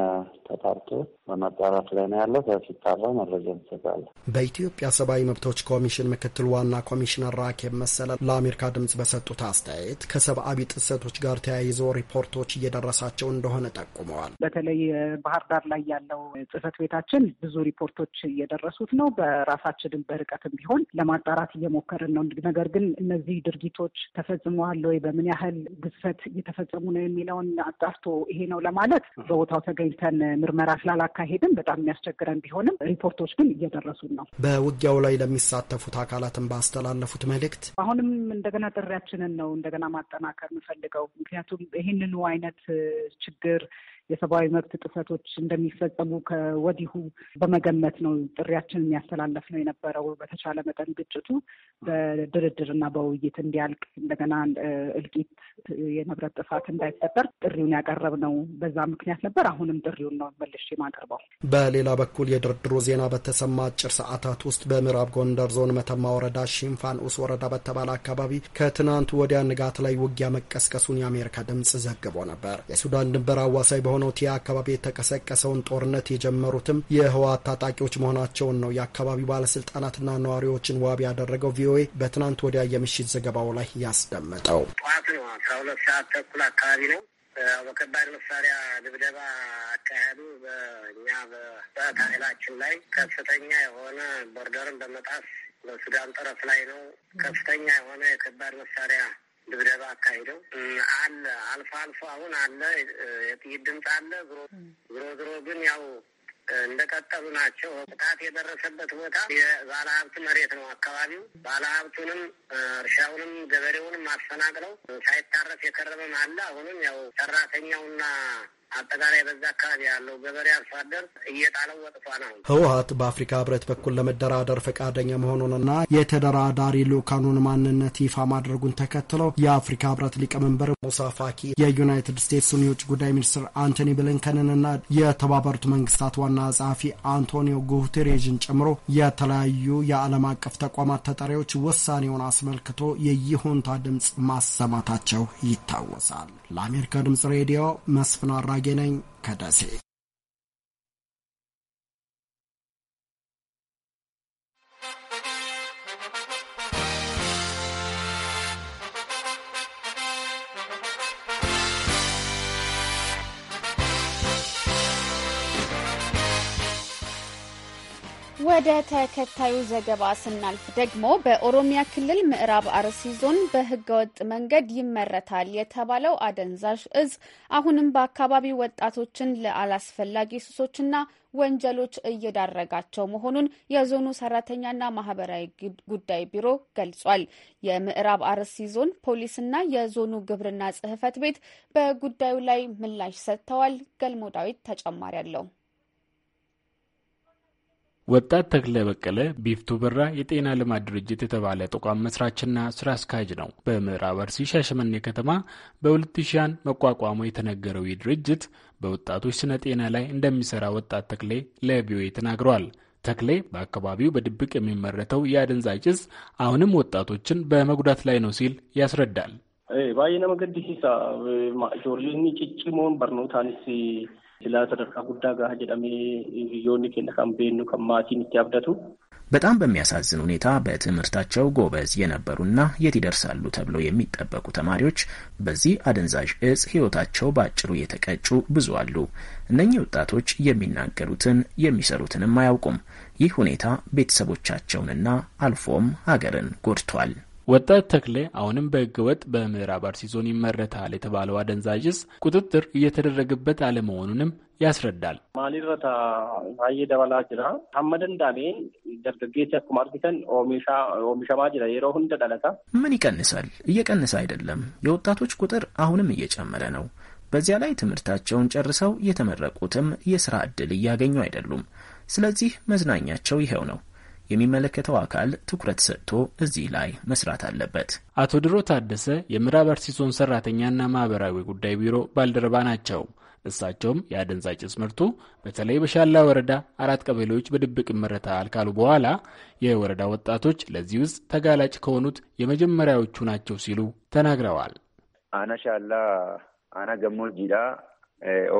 G: ተጣርቶ በመጣራት ላይ ነው ያለው። ሲጣራ መረጃ እንሰጣለን።
I: በኢትዮጵያ ሰብአዊ መብቶች ኮሚሽን ምክትል ዋና ኮሚሽነር ራኬብ መሰለ ለአሜሪካ ድምጽ በሰጡት አስተያየት ከሰብአዊ ጥሰቶች ጋር ተያይዞ ሪፖርቶች እየደረሳቸው እንደሆነ ጠቁመዋል።
F: በተለይ ባህር ዳር ላይ ያለው ጽህፈት ቤታችን ብዙ ሪፖርቶች እየደረሱት ነው። በራሳችንም በርቀትም ቢሆን ለማጣራት እየሞከርን ነው። ነገር ግን እነዚህ ድርጊቶች ተፈጽመዋል ወይ፣ በምን ያህል ግዝፈት እየተፈጸሙ ነው የሚለውን አጣርቶ ይሄ ነው ለማለት በቦታው ተገኝተን ምርመራ ስላላ አካሄድም በጣም የሚያስቸግረን ቢሆንም ሪፖርቶች ግን እየደረሱን ነው።
I: በውጊያው ላይ ለሚሳተፉት አካላትን ባስተላለፉት መልእክት
F: አሁንም እንደገና ጥሪያችንን ነው እንደገና ማጠናከር የምፈልገው ምክንያቱም ይህንኑ አይነት ችግር የሰብአዊ መብት ጥሰቶች እንደሚፈጸሙ ከወዲሁ በመገመት ነው ጥሪያችን የሚያስተላለፍ ነው የነበረው። በተቻለ መጠን ግጭቱ በድርድር እና በውይይት እንዲያልቅ እንደገና እልቂት፣ የንብረት ጥፋት እንዳይፈጠር ጥሪውን ነው በዛ ምክንያት ነበር። አሁንም ጥሪውን ነው መልሽ የማቀርበው።
I: በሌላ በኩል የድርድሩ ዜና በተሰማ አጭር ሰዓታት ውስጥ በምዕራብ ጎንደር ዞን መተማ ወረዳ ሽንፋን ኡስ ወረዳ በተባለ አካባቢ ከትናንት ወዲያ ንጋት ላይ ውጊያ መቀስቀሱን የአሜሪካ ድምጽ ዘግቦ ነበር። የሱዳን ድንበር አዋሳኝ በሆነ በሆነው ቲያ አካባቢ የተቀሰቀሰውን ጦርነት የጀመሩትም የህወሓት ታጣቂዎች መሆናቸውን ነው የአካባቢው ባለስልጣናትና ነዋሪዎችን ዋቢ ያደረገው ቪኦኤ በትናንት ወዲያ የምሽት ዘገባው ላይ ያስደመጠው።
C: ጠዋት
B: ነው አስራ ሁለት ሰዓት ተኩል አካባቢ ነው። በከባድ መሳሪያ ድብደባ አካሄዱ በእኛ በጸጥታ ኃይላችን ላይ ከፍተኛ የሆነ ቦርደርን በመጣስ በሱዳን ጠረፍ ላይ ነው ከፍተኛ የሆነ የከባድ መሳሪያ ድብደባ አካሂደው አለ። አልፎ አልፎ አሁን አለ የጥይት ድምፅ አለ።
J: ዝሮ
B: ዝሮ ግን ያው እንደቀጠሉ ናቸው። ጥቃት የደረሰበት ቦታ የባለሀብት መሬት ነው አካባቢው። ባለሀብቱንም እርሻውንም ገበሬውንም አፈናቅለው ሳይታረስ የከረመም አለ። አሁንም ያው ሰራተኛውና
I: አጠቃላይ በዛ አካባቢ ያለው ገበሬ አርሶ አደር እየጣለው ወጥቷል። አሁን ህወሀት በአፍሪካ ህብረት በኩል ለመደራደር ፈቃደኛ መሆኑንና የተደራዳሪ ልኡካኑን ማንነት ይፋ ማድረጉን ተከትለው የአፍሪካ ህብረት ሊቀመንበር ሙሳ ፋኪ የዩናይትድ ስቴትስን የውጭ ጉዳይ ሚኒስትር አንቶኒ ብሊንከንንና የተባበሩት መንግስታት ዋና ጸሐፊ አንቶኒዮ ጉቴሬዥን ጨምሮ የተለያዩ የዓለም አቀፍ ተቋማት ተጠሪዎች ውሳኔውን አስመልክቶ የይሁንታ ድምፅ ማሰማታቸው ይታወሳል። ለአሜሪካ ድምጽ ሬዲዮ መስፍን አራ げないかだ
B: せ。
A: ወደ ተከታዩ ዘገባ ስናልፍ ደግሞ በኦሮሚያ ክልል ምዕራብ አርሲ ዞን በሕገወጥ መንገድ ይመረታል የተባለው አደንዛዥ እጽ አሁንም በአካባቢ ወጣቶችን ለአላስፈላጊ ሱሶችና ወንጀሎች እየዳረጋቸው መሆኑን የዞኑ ሰራተኛና ማህበራዊ ጉዳይ ቢሮ ገልጿል። የምዕራብ አርሲ ዞን ፖሊስና የዞኑ ግብርና ጽህፈት ቤት በጉዳዩ ላይ ምላሽ ሰጥተዋል። ገልሞ ዳዊት ተጨማሪ አለው።
D: ወጣት ተክለ በቀለ ቢፍቱ ብራ የጤና ልማት ድርጅት የተባለ ተቋም መስራችና ስራ አስኪያጅ ነው። በምዕራብ አርሲ ሻሸመኔ ከተማ በ2000 መቋቋሙ የተነገረው ይህ ድርጅት በወጣቶች ስነ ጤና ላይ እንደሚሰራ ወጣት ተክሌ ለቪኦኤ ተናግረዋል። ተክሌ በአካባቢው በድብቅ የሚመረተው የአደንዛዥ እጽ አሁንም ወጣቶችን በመጉዳት ላይ ነው ሲል ያስረዳል። ባየነ መንገድ ሂሳ ጮሌኒ ጭጭሞን በርኖታንስ ስለ ተደርቃ ጉዳ ጋ ጀዳሜ ዮኒ ኬነ ካን ቤኑ ከን በጣም
E: በሚያሳዝን ሁኔታ በትምህርታቸው ጎበዝ የነበሩና የት ይደርሳሉ ተብለው የሚጠበቁ ተማሪዎች በዚህ አደንዛዥ እጽ ህይወታቸው በአጭሩ የተቀጩ ብዙ አሉ። እነኚህ ወጣቶች የሚናገሩትን የሚሰሩትንም አያውቁም። ይህ ሁኔታ ቤተሰቦቻቸውንና አልፎም ሀገርን ጎድቷል።
D: ወጣት ተክሌ አሁንም በህገወጥ በምዕራብ አርሲ ዞን ይመረታል የተባለው አደንዛዥ እጽ ቁጥጥር እየተደረገበት አለመሆኑንም ያስረዳል። ማሊረታ ባዬ ደበላ ጅራ ሀመደን ዳሜን ደርገጌ ኩማ አርጊተን ኦሚሻማ ጅራ የሮ ሁንደ ደለታ
E: ምን ይቀንሳል? እየቀንሰ አይደለም። የወጣቶች ቁጥር አሁንም እየጨመረ ነው። በዚያ ላይ ትምህርታቸውን ጨርሰው የተመረቁትም የስራ እድል እያገኙ አይደሉም። ስለዚህ መዝናኛቸው ይኸው ነው።
D: የሚመለከተው አካል ትኩረት ሰጥቶ እዚህ ላይ መስራት አለበት። አቶ ድሮ ታደሰ የምዕራብ አርሲ ዞን ሰራተኛና ማህበራዊ ጉዳይ ቢሮ ባልደረባ ናቸው። እሳቸውም የአደንዛዥ እጽ ምርቱ በተለይ በሻላ ወረዳ አራት ቀበሌዎች በድብቅ ይመረታል ካሉ በኋላ የወረዳ ወጣቶች ለዚህ ውስጥ ተጋላጭ ከሆኑት የመጀመሪያዎቹ ናቸው ሲሉ ተናግረዋል።
G: አና ሻላ አና ገሞጂዳ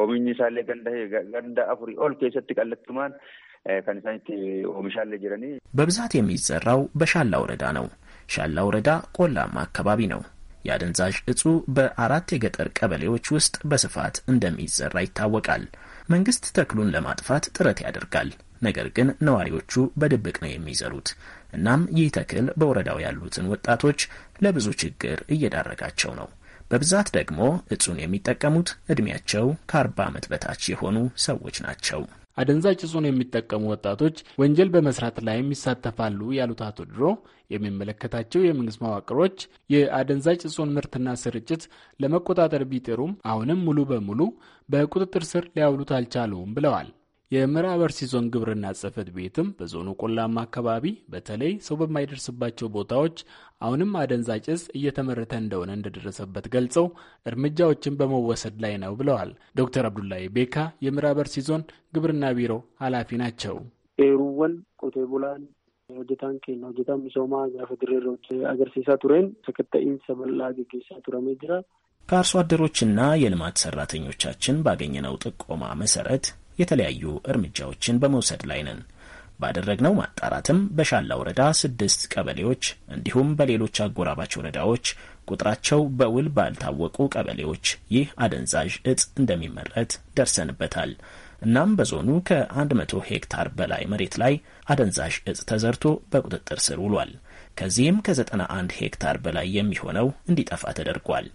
G: ኦሚኒ ሳሌ ገንዳ
D: ገንደ ኦል ኬሰት ቀለትማን ከንሳን ቲ ጅረኒ
E: በብዛት የሚዘራው በሻላ ወረዳ ነው። ሻላ ወረዳ ቆላማ አካባቢ ነው። የአደንዛዥ እጹ በአራት የገጠር ቀበሌዎች ውስጥ በስፋት እንደሚዘራ ይታወቃል። መንግስት ተክሉን ለማጥፋት ጥረት ያደርጋል። ነገር ግን ነዋሪዎቹ በድብቅ ነው የሚዘሩት። እናም ይህ ተክል በወረዳው ያሉትን ወጣቶች ለብዙ ችግር እየዳረጋቸው
D: ነው። በብዛት ደግሞ እጹን የሚጠቀሙት እድሜያቸው ከአርባ ዓመት በታች የሆኑ ሰዎች ናቸው። አደንዛጭ እጹን የሚጠቀሙ ወጣቶች ወንጀል በመስራት ላይም ይሳተፋሉ ያሉት አቶ ድሮ የሚመለከታቸው የመንግስት መዋቅሮች የአደንዛጭ እጹን ምርትና ስርጭት ለመቆጣጠር ቢጥሩም አሁንም ሙሉ በሙሉ በቁጥጥር ስር ሊያውሉት አልቻሉም ብለዋል። የምዕራብ አርሲ ዞን ግብርና ጽሕፈት ቤትም በዞኑ ቆላማ አካባቢ በተለይ ሰው በማይደርስባቸው ቦታዎች አሁንም አደንዛዥ እጽ እየተመረተ እንደሆነ እንደደረሰበት ገልጸው እርምጃዎችን በመወሰድ ላይ ነው ብለዋል። ዶክተር አብዱላይ ቤካ የምዕራብ አርሲ ዞን ግብርና ቢሮ ኃላፊ ናቸው።
B: ሩወን ቆቴ ቡላን hojjetaan keenya hojjetaan misoomaa gaafa dirreerra agarsiisaa tureen sakatta'iinsa bal'aa geggeessaa turamee jira
E: ከአርሶ አደሮችና የልማት ሰራተኞቻችን ባገኘነው ጥቆማ መሰረት የተለያዩ እርምጃዎችን በመውሰድ ላይ ነን። ባደረግነው ማጣራትም በሻላ ወረዳ ስድስት ቀበሌዎች እንዲሁም በሌሎች አጎራባች ወረዳዎች ቁጥራቸው በውል ባልታወቁ ቀበሌዎች ይህ አደንዛዥ እጽ እንደሚመረት ደርሰንበታል። እናም በዞኑ ከ100 ሄክታር በላይ መሬት ላይ አደንዛዥ እጽ ተዘርቶ በቁጥጥር ስር ውሏል። ከዚህም ከ91 ሄክታር በላይ የሚሆነው እንዲጠፋ
D: ተደርጓል።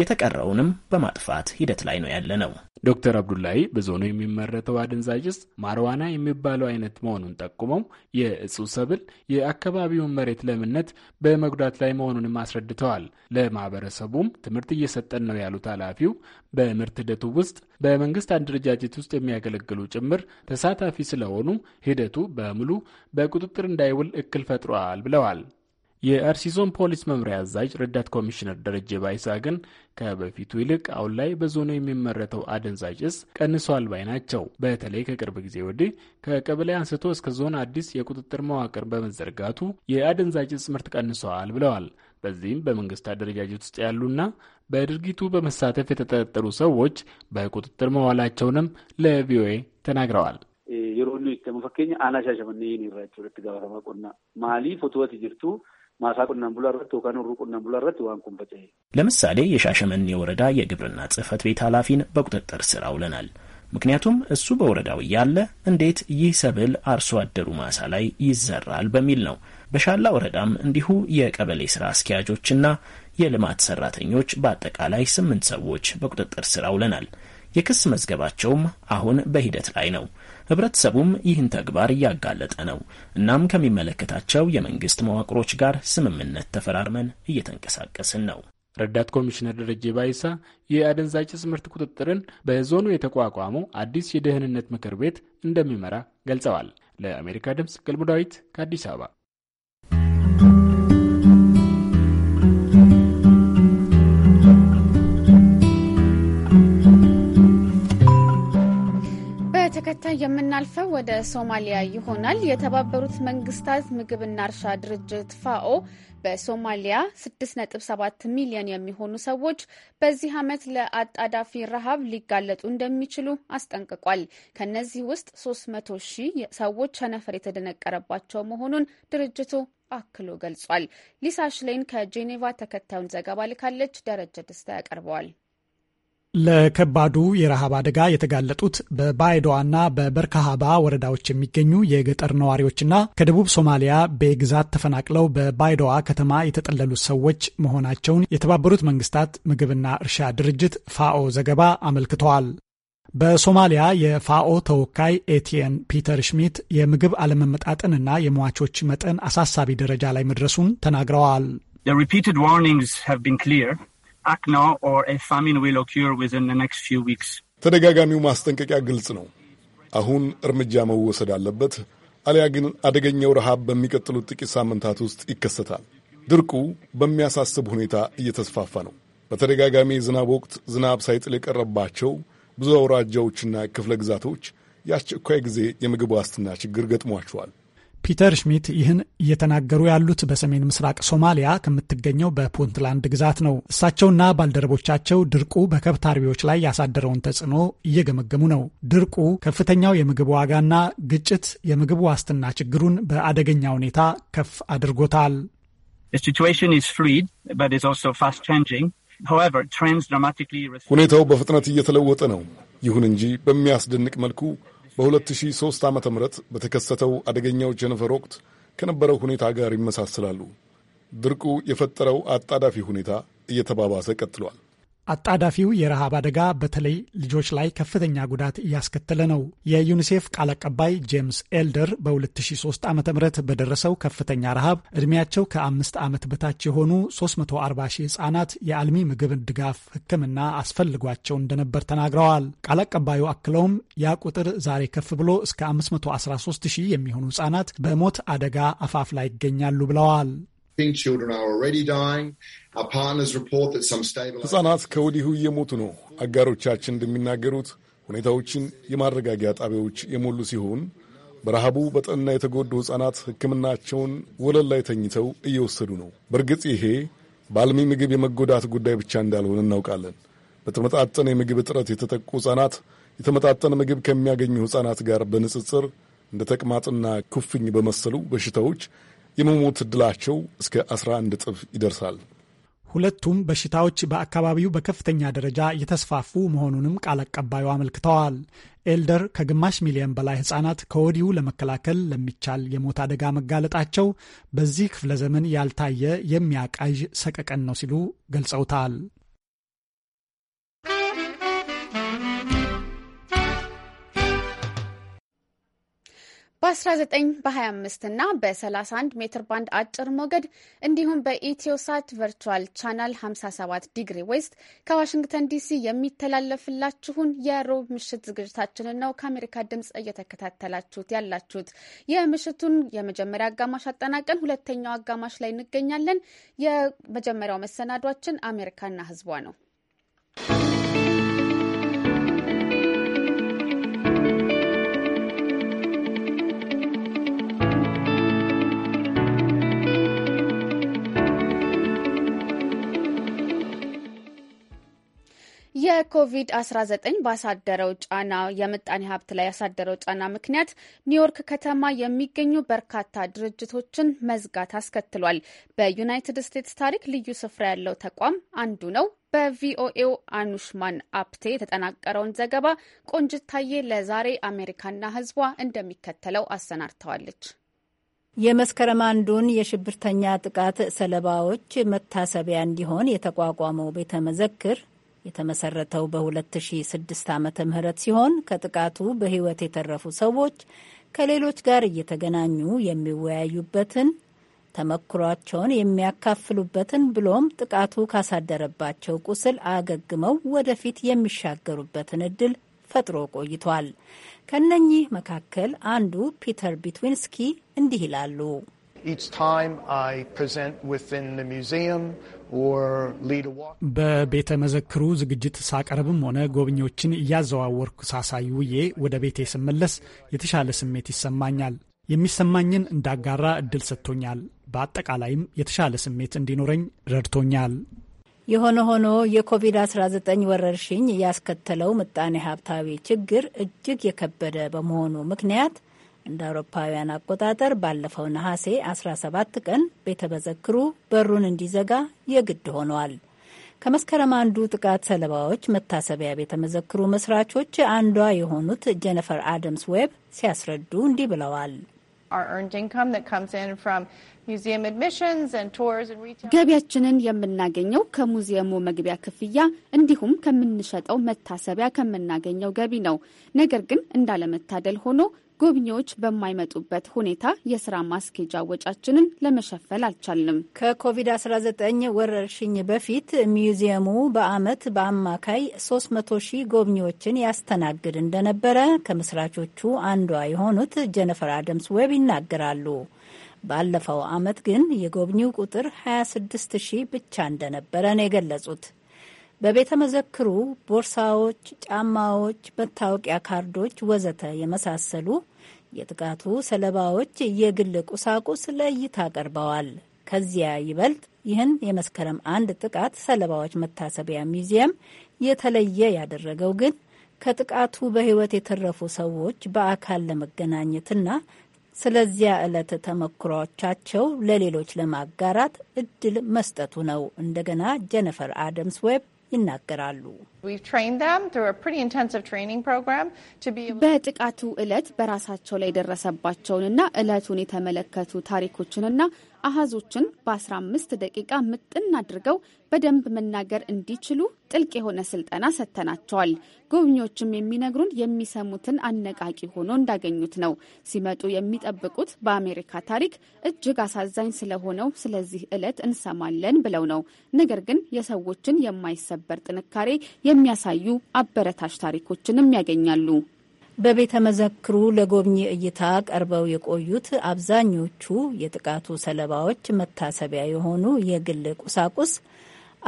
D: የተቀረውንም በማጥፋት ሂደት ላይ ነው ያለ ነው። ዶክተር አብዱላሂ በዞኑ የሚመረተው አደንዛዥ ማርዋና የሚባለው አይነት መሆኑን ጠቁመው የእጹ ሰብል የአካባቢውን መሬት ለምነት በመጉዳት ላይ መሆኑንም አስረድተዋል። ለማህበረሰቡም ትምህርት እየሰጠን ነው ያሉት ኃላፊው በምርት ሂደቱ ውስጥ በመንግስት አደረጃጀት ውስጥ የሚያገለግሉ ጭምር ተሳታፊ ስለሆኑ ሂደቱ በሙሉ በቁጥጥር እንዳይውል እክል ፈጥሯል ብለዋል። የአርሲ ዞን ፖሊስ መምሪያ አዛዥ ረዳት ኮሚሽነር ደረጀ ባይሳ ግን ከበፊቱ ይልቅ አሁን ላይ በዞኑ የሚመረተው አደንዛዥ እጽ ቀንሷል ባይ ናቸው። በተለይ ከቅርብ ጊዜ ወዲህ ከቀበሌ አንስቶ እስከ ዞን አዲስ የቁጥጥር መዋቅር በመዘርጋቱ የአደንዛዥ እጽ ምርት ቀንሷል ብለዋል። በዚህም በመንግስት አደረጃጀት ውስጥ ያሉና በድርጊቱ በመሳተፍ የተጠረጠሩ ሰዎች በቁጥጥር መዋላቸውንም ለቪኦኤ ተናግረዋል።
G: የሮኒ ተመፈከኝ አናሻሸመነ ይህን ይራቸው ሁለት ጋባተማ ቆና ማሊፍ ፎቶወት ጅርቱ ማሳ ቁናን ብሎ ረት ወካን ሩ ቁናን ብሎ ረት ዋን ኩንበት
E: ለምሳሌ የሻሸመኔ ወረዳ የግብርና ጽህፈት ቤት ኃላፊን በቁጥጥር ስር አውለናል። ምክንያቱም እሱ በወረዳው እያለ እንዴት ይህ ሰብል አርሶ አደሩ ማሳ ላይ ይዘራል በሚል ነው። በሻላ ወረዳም እንዲሁ የቀበሌ ስራ አስኪያጆችና የልማት ሰራተኞች በአጠቃላይ ስምንት ሰዎች በቁጥጥር ስር አውለናል። የክስ መዝገባቸውም አሁን በሂደት ላይ ነው። ህብረተሰቡም ይህን ተግባር እያጋለጠ ነው። እናም ከሚመለከታቸው
D: የመንግስት መዋቅሮች ጋር ስምምነት ተፈራርመን እየተንቀሳቀስን ነው። ረዳት ኮሚሽነር ደረጀ ባይሳ የአደንዛዥ ዕፅ ምርት ቁጥጥርን በዞኑ የተቋቋመው አዲስ የደህንነት ምክር ቤት እንደሚመራ ገልጸዋል። ለአሜሪካ ድምፅ ገልሙ ዳዊት ከአዲስ አበባ
A: ተከታይ የምናልፈው ወደ ሶማሊያ ይሆናል። የተባበሩት መንግስታት ምግብና እርሻ ድርጅት ፋኦ በሶማሊያ 6.7 ሚሊዮን የሚሆኑ ሰዎች በዚህ ዓመት ለአጣዳፊ ረሃብ ሊጋለጡ እንደሚችሉ አስጠንቅቋል። ከነዚህ ውስጥ 300 ሺህ ሰዎች ቸነፈር የተደነቀረባቸው መሆኑን ድርጅቱ አክሎ ገልጿል። ሊሳ ሽሌን ከጄኔቫ ተከታዩን ዘገባ ልካለች። ደረጀ ደስታ ያቀርበዋል።
G: ለከባዱ የረሃብ አደጋ የተጋለጡት በባይዶዋና በበርካሃባ ወረዳዎች የሚገኙ የገጠር ነዋሪዎችና ከደቡብ ሶማሊያ በግዛት ተፈናቅለው በባይዶዋ ከተማ የተጠለሉ ሰዎች መሆናቸውን የተባበሩት መንግስታት ምግብና እርሻ ድርጅት ፋኦ ዘገባ አመልክተዋል። በሶማሊያ የፋኦ ተወካይ ኤቲየን ፒተር ሽሚት የምግብ አለመመጣጠንና የሟቾች መጠን አሳሳቢ ደረጃ ላይ መድረሱን ተናግረዋል። The repeated warnings have been clear.
K: ተደጋጋሚው ማስጠንቀቂያ ግልጽ ነው። አሁን እርምጃ መወሰድ አለበት፣ አሊያ ግን አደገኛው ረሃብ በሚቀጥሉት ጥቂት ሳምንታት ውስጥ ይከሰታል። ድርቁ በሚያሳስብ ሁኔታ እየተስፋፋ ነው። በተደጋጋሚ ዝናብ ወቅት ዝናብ ሳይጥል የቀረባቸው ብዙ አውራጃዎችና ክፍለ ግዛቶች የአስቸኳይ ጊዜ የምግብ ዋስትና ችግር ገጥሟቸዋል።
G: ፒተር ሽሚት ይህን እየተናገሩ ያሉት በሰሜን ምስራቅ ሶማሊያ ከምትገኘው በፑንትላንድ ግዛት ነው። እሳቸውና ባልደረቦቻቸው ድርቁ በከብት አርቢዎች ላይ ያሳደረውን ተጽዕኖ እየገመገሙ ነው። ድርቁ፣ ከፍተኛው የምግብ ዋጋና ግጭት የምግብ ዋስትና ችግሩን በአደገኛ ሁኔታ ከፍ አድርጎታል።
K: ሁኔታው በፍጥነት እየተለወጠ ነው። ይሁን እንጂ በሚያስደንቅ መልኩ በ2003 ዓ ም በተከሰተው አደገኛው ጀነፈር ወቅት ከነበረው ሁኔታ ጋር ይመሳሰላሉ። ድርቁ የፈጠረው አጣዳፊ ሁኔታ እየተባባሰ ቀጥሏል።
G: አጣዳፊው የረሃብ አደጋ በተለይ ልጆች ላይ ከፍተኛ ጉዳት እያስከተለ ነው። የዩኒሴፍ ቃል አቀባይ ጄምስ ኤልደር በ2003 ዓ ም በደረሰው ከፍተኛ ረሃብ ዕድሜያቸው ከአምስት ዓመት በታች የሆኑ 340 ሺህ ሕፃናት የአልሚ ምግብ ድጋፍ ሕክምና አስፈልጓቸው እንደነበር ተናግረዋል። ቃል አቀባዩ አክለውም ያ ቁጥር ዛሬ ከፍ ብሎ እስከ 513 ሺህ የሚሆኑ ሕፃናት በሞት አደጋ አፋፍ
K: ላይ ይገኛሉ ብለዋል። ሕፃናት ከወዲሁ እየሞቱ ነው። አጋሮቻችን እንደሚናገሩት ሁኔታዎችን የማረጋጊያ ጣቢያዎች የሞሉ ሲሆን በረሃቡ በጠና የተጎዱ ሕፃናት ሕክምናቸውን ወለል ላይ ተኝተው እየወሰዱ ነው። በእርግጥ ይሄ በአልሚ ምግብ የመጎዳት ጉዳይ ብቻ እንዳልሆነ እናውቃለን። በተመጣጠነ የምግብ እጥረት የተጠቁ ሕፃናት የተመጣጠነ ምግብ ከሚያገኙ ሕፃናት ጋር በንጽጽር እንደ ተቅማጥና ኩፍኝ በመሰሉ በሽታዎች የመሞት ዕድላቸው እስከ 11 እጥፍ ይደርሳል። ሁለቱም በሽታዎች
G: በአካባቢው በከፍተኛ ደረጃ የተስፋፉ መሆኑንም ቃል አቀባዩ አመልክተዋል። ኤልደር ከግማሽ ሚሊዮን በላይ ህጻናት ከወዲሁ ለመከላከል ለሚቻል የሞት አደጋ መጋለጣቸው በዚህ ክፍለ ዘመን ያልታየ የሚያቃዥ ሰቀቀን ነው ሲሉ ገልጸውታል።
A: በ19 በ25 እና በ31 ሜትር ባንድ አጭር ሞገድ እንዲሁም በኢትዮሳት ቨርቹዋል ቻናል 57 ዲግሪ ዌስት ከዋሽንግተን ዲሲ የሚተላለፍላችሁን የሮብ ምሽት ዝግጅታችንን ነው ከአሜሪካ ድምፅ እየተከታተላችሁት ያላችሁት። የምሽቱን የመጀመሪያ አጋማሽ አጠናቀን ሁለተኛው አጋማሽ ላይ እንገኛለን። የመጀመሪያው መሰናዷችን አሜሪካና ህዝቧ ነው። የኮቪድ-19 ባሳደረው ጫና የምጣኔ ሀብት ላይ ያሳደረው ጫና ምክንያት ኒውዮርክ ከተማ የሚገኙ በርካታ ድርጅቶችን መዝጋት አስከትሏል። በዩናይትድ ስቴትስ ታሪክ ልዩ ስፍራ ያለው ተቋም አንዱ ነው። በቪኦኤው አኑሽማን አፕቴ የተጠናቀረውን ዘገባ ቆንጅታዬ ለዛሬ አሜሪካና ሕዝቧ እንደሚከተለው አሰናድተዋለች።
J: የመስከረም አንዱን የሽብርተኛ ጥቃት ሰለባዎች መታሰቢያ እንዲሆን የተቋቋመው ቤተ መዘክር የተመሰረተው በ2006 ዓ ም ሲሆን ከጥቃቱ በህይወት የተረፉ ሰዎች ከሌሎች ጋር እየተገናኙ የሚወያዩበትን ተመክሯቸውን የሚያካፍሉበትን ብሎም ጥቃቱ ካሳደረባቸው ቁስል አገግመው ወደፊት የሚሻገሩበትን እድል ፈጥሮ ቆይቷል። ከነኚህ መካከል አንዱ ፒተር ቢትዊንስኪ እንዲህ ይላሉ።
G: በቤተ መዘክሩ ዝግጅት ሳቀርብም ሆነ ጎብኚዎችን እያዘዋወርኩ ሳሳይ ውዬ ወደ ቤቴ ስመለስ የተሻለ ስሜት ይሰማኛል። የሚሰማኝን እንዳጋራ እድል ሰጥቶኛል። በአጠቃላይም የተሻለ ስሜት እንዲኖረኝ ረድቶኛል። የሆነ ሆኖ
J: የኮቪድ-19 ወረርሽኝ ያስከተለው ምጣኔ ሀብታዊ ችግር እጅግ የከበደ በመሆኑ ምክንያት እንደ አውሮፓውያን አቆጣጠር ባለፈው ነሐሴ 17 ቀን ቤተ መዘክሩ በሩን እንዲዘጋ የግድ ሆኗል። ከመስከረም አንዱ ጥቃት ሰለባዎች መታሰቢያ ቤተ መዘክሩ መስራቾች አንዷ የሆኑት ጀነፈር አደምስ ዌብ ሲያስረዱ እንዲህ ብለዋል።
F: ገቢያችንን
A: የምናገኘው ከሙዚየሙ መግቢያ ክፍያ እንዲሁም ከምንሸጠው መታሰቢያ ከምናገኘው ገቢ ነው። ነገር ግን እንዳለመታደል ሆኖ ጎብኚዎች በማይመጡበት ሁኔታ የስራ ማስኬጃ ወጫችንን ለመሸፈል አልቻልንም። ከኮቪድ-19 ወረርሽኝ በፊት ሚውዚየሙ
J: በአመት በአማካይ 300 ሺህ ጎብኚዎችን ያስተናግድ እንደነበረ ከምስራቾቹ አንዷ የሆኑት ጀነፈር አደምስ ዌብ ይናገራሉ። ባለፈው አመት ግን የጎብኚው ቁጥር 26 ሺህ ብቻ እንደነበረ ነው የገለጹት። በቤተ መዘክሩ ቦርሳዎች፣ ጫማዎች፣ መታወቂያ ካርዶች፣ ወዘተ የመሳሰሉ የጥቃቱ ሰለባዎች የግል ቁሳቁስ ለእይታ ቀርበዋል። ከዚያ ይበልጥ ይህን የመስከረም አንድ ጥቃት ሰለባዎች መታሰቢያ ሚዚየም የተለየ ያደረገው ግን ከጥቃቱ በሕይወት የተረፉ ሰዎች በአካል ለመገናኘትና ስለዚያ ዕለት ተመክሯቻቸው ለሌሎች ለማጋራት እድል መስጠቱ ነው። እንደገና ጀነፈር አደምስ
A: ዌብ ይናገራሉ። በጥቃቱ ዕለት በራሳቸው ላይ የደረሰባቸውንና ዕለቱን የተመለከቱ ታሪኮችንና አሃዞችን በ15 ደቂቃ ምጥን አድርገው በደንብ መናገር እንዲችሉ ጥልቅ የሆነ ስልጠና ሰጥተናቸዋል። ጎብኚዎችም የሚነግሩን የሚሰሙትን አነቃቂ ሆኖ እንዳገኙት ነው። ሲመጡ የሚጠብቁት በአሜሪካ ታሪክ እጅግ አሳዛኝ ስለሆነው ስለዚህ ዕለት እንሰማለን ብለው ነው። ነገር ግን የሰዎችን የማይሰበር ጥንካሬ የሚያሳዩ አበረታች ታሪኮችንም ያገኛሉ።
J: በቤተ መዘክሩ ለጎብኚ እይታ ቀርበው የቆዩት አብዛኞቹ የጥቃቱ ሰለባዎች መታሰቢያ የሆኑ የግል ቁሳቁስ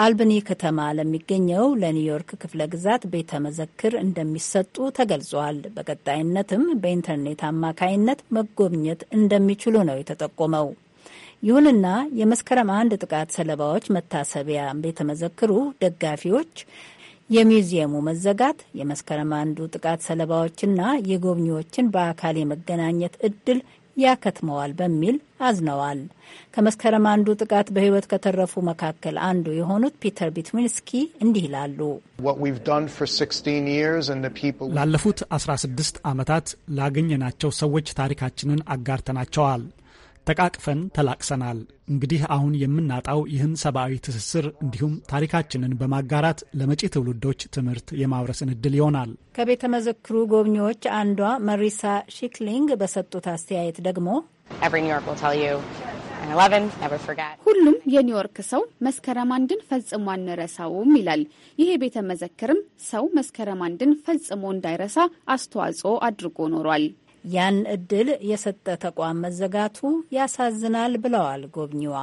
J: አልብኒ ከተማ ለሚገኘው ለኒውዮርክ ክፍለ ግዛት ቤተ መዘክር እንደሚሰጡ ተገልጿል። በቀጣይነትም በኢንተርኔት አማካይነት መጎብኘት እንደሚችሉ ነው የተጠቆመው። ይሁንና የመስከረም አንድ ጥቃት ሰለባዎች መታሰቢያ ቤተ መዘክሩ ደጋፊዎች የሚውዚየሙ መዘጋት የመስከረም አንዱ ጥቃት ሰለባዎችና የጎብኚዎችን በአካል የመገናኘት እድል ያከትመዋል በሚል አዝነዋል። ከመስከረም አንዱ ጥቃት በሕይወት ከተረፉ መካከል አንዱ የሆኑት ፒተር ቢትዊንስኪ
L: እንዲህ ይላሉ። ላለፉት 16
G: ዓመታት ላገኘናቸው ሰዎች ታሪካችንን አጋርተናቸዋል። ተቃቅፈን ተላቅሰናል። እንግዲህ አሁን የምናጣው ይህን ሰብአዊ ትስስር እንዲሁም ታሪካችንን በማጋራት ለመጪ ትውልዶች ትምህርት የማውረስን እድል ይሆናል።
J: ከቤተ መዘክሩ ጎብኚዎች አንዷ መሪሳ ሺክሊንግ በሰጡት አስተያየት ደግሞ
A: ሁሉም የኒውዮርክ ሰው መስከረም አንድን ፈጽሞ አንረሳውም ይላል። ይሄ ቤተ መዘክርም ሰው መስከረም አንድን ፈጽሞ እንዳይረሳ አስተዋጽኦ አድርጎ ኖሯል። ያን እድል የሰጠ ተቋም መዘጋቱ ያሳዝናል
J: ብለዋል ጎብኚዋ።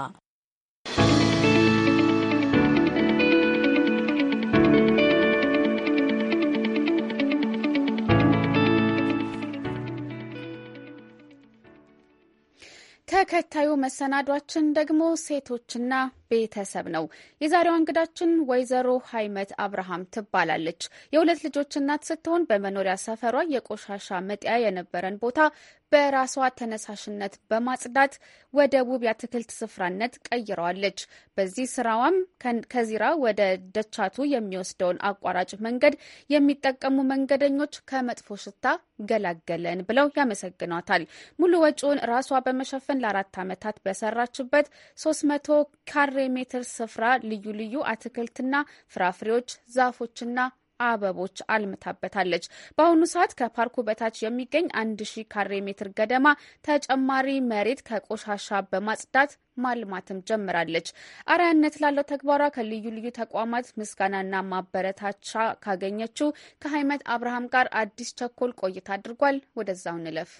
A: ተከታዩ መሰናዷችን ደግሞ ሴቶችና ቤተሰብ ነው። የዛሬዋ እንግዳችን ወይዘሮ ሀይመት አብርሃም ትባላለች። የሁለት ልጆች እናት ስትሆን በመኖሪያ ሰፈሯ የቆሻሻ መጣያ የነበረን ቦታ በራሷ ተነሳሽነት በማጽዳት ወደ ውብ የአትክልት ስፍራነት ቀይረዋለች። በዚህ ስራዋም ከዚራ ወደ ደቻቱ የሚወስደውን አቋራጭ መንገድ የሚጠቀሙ መንገደኞች ከመጥፎ ሽታ ገላገለን ብለው ያመሰግኗታል። ሙሉ ወጪውን ራሷ በመሸፈን ለአራት ዓመታት በሰራችበት መቶ ካሬ ካሬ ሜትር ስፍራ ልዩ ልዩ አትክልትና ፍራፍሬዎች፣ ዛፎችና አበቦች አልምታበታለች። በአሁኑ ሰዓት ከፓርኩ በታች የሚገኝ አንድ ሺህ ካሬ ሜትር ገደማ ተጨማሪ መሬት ከቆሻሻ በማጽዳት ማልማትም ጀምራለች። አርአያነት ላለው ተግባሯ ከልዩ ልዩ ተቋማት ምስጋናና ማበረታቻ ካገኘችው ከሀይመት አብርሃም ጋር አዲስ ቸኮል ቆይታ አድርጓል። ወደዛው ንለፍ።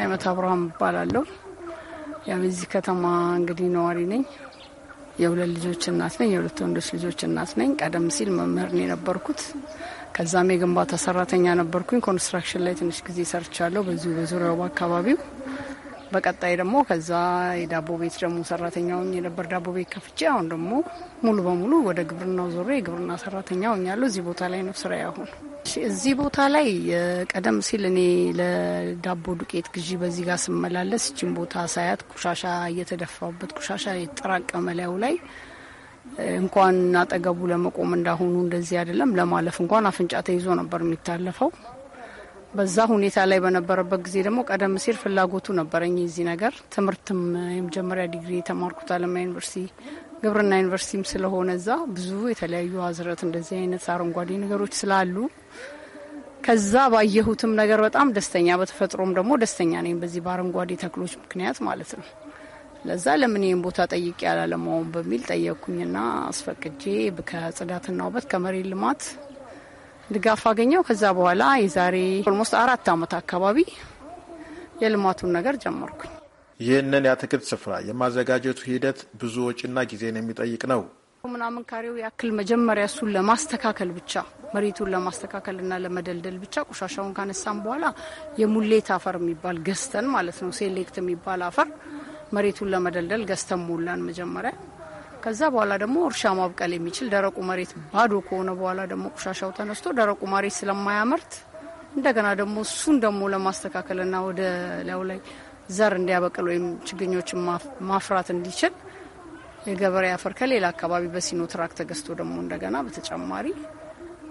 F: ሀይመት አብርሃም እባላለሁ። ያው የዚህ ከተማ እንግዲህ ነዋሪ ነኝ። የሁለት ልጆች እናት ነኝ። የሁለት ወንዶች ልጆች እናት ነኝ። ቀደም ሲል መምህር ነው የነበርኩት። ከዛም የግንባታ ሰራተኛ ነበርኩኝ። ኮንስትራክሽን ላይ ትንሽ ጊዜ ሰርቻለሁ፣ በዚሁ በዙሪያው በአካባቢው። በቀጣይ ደግሞ ከዛ የዳቦ ቤት ደግሞ ሰራተኛውን የነበር ዳቦ ቤት ከፍቼ አሁን ደግሞ ሙሉ በሙሉ ወደ ግብርናው ዞሬ የግብርና ሰራተኛ ሆኛለሁ። እዚህ ቦታ ላይ ነው ስራ ያሁን። እዚህ ቦታ ላይ ቀደም ሲል እኔ ለዳቦ ዱቄት ግዢ በዚህ ጋር ስመላለስ እችን ቦታ ሳያት ቆሻሻ እየተደፋበት ቆሻሻ የተጠራቀመ ላዩ ላይ እንኳን አጠገቡ ለመቆም እንዳሁኑ እንደዚህ አይደለም፣ ለማለፍ እንኳን አፍንጫ ተይዞ ነበር የሚታለፈው። በዛ ሁኔታ ላይ በነበረበት ጊዜ ደግሞ ቀደም ሲል ፍላጎቱ ነበረኝ የዚህ ነገር ትምህርትም የመጀመሪያ ዲግሪ የተማርኩት አለማ ዩኒቨርሲቲ ግብርና ዩኒቨርሲቲም ስለሆነ እዛ ብዙ የተለያዩ አዝረት እንደዚህ አይነት አረንጓዴ ነገሮች ስላሉ ከዛ ባየሁትም ነገር በጣም ደስተኛ በተፈጥሮም ደግሞ ደስተኛ ነኝ በዚህ በአረንጓዴ ተክሎች ምክንያት ማለት ነው። ለዛ ለምን ይህን ቦታ ጠይቄ ያላለማውን በሚል ጠየቅኩኝና አስፈቅጄ ከጽዳትና ውበት ከመሬት ልማት ድጋፍ አገኘው። ከዛ በኋላ የዛሬ ኦልሞስት አራት ዓመት አካባቢ የልማቱን ነገር ጀመርኩኝ።
L: ይህንን የአትክልት ስፍራ የማዘጋጀቱ ሂደት ብዙ ወጪና ጊዜን የሚጠይቅ ነው።
F: ምናምን ካሬው ያክል መጀመሪያ እሱን ለማስተካከል ብቻ መሬቱን ለማስተካከልና ለመደልደል ብቻ ቆሻሻውን ካነሳም በኋላ የሙሌት አፈር የሚባል ገዝተን ማለት ነው ሴሌክት የሚባል አፈር መሬቱን ለመደልደል ገዝተን ሞላን መጀመሪያ ከዛ በኋላ ደግሞ እርሻ ማብቀል የሚችል ደረቁ መሬት ባዶ ከሆነ በኋላ ደግሞ ቆሻሻው ተነስቶ ደረቁ መሬት ስለማያመርት እንደገና ደግሞ እሱን ደግሞ ለማስተካከልና ወደ ላዩ ላይ ዘር እንዲያበቅል ወይም ችግኞችን ማፍራት እንዲችል የገበሬ አፈር ከሌላ አካባቢ በሲኖ ትራክ ተገዝቶ ደግሞ እንደገና በተጨማሪ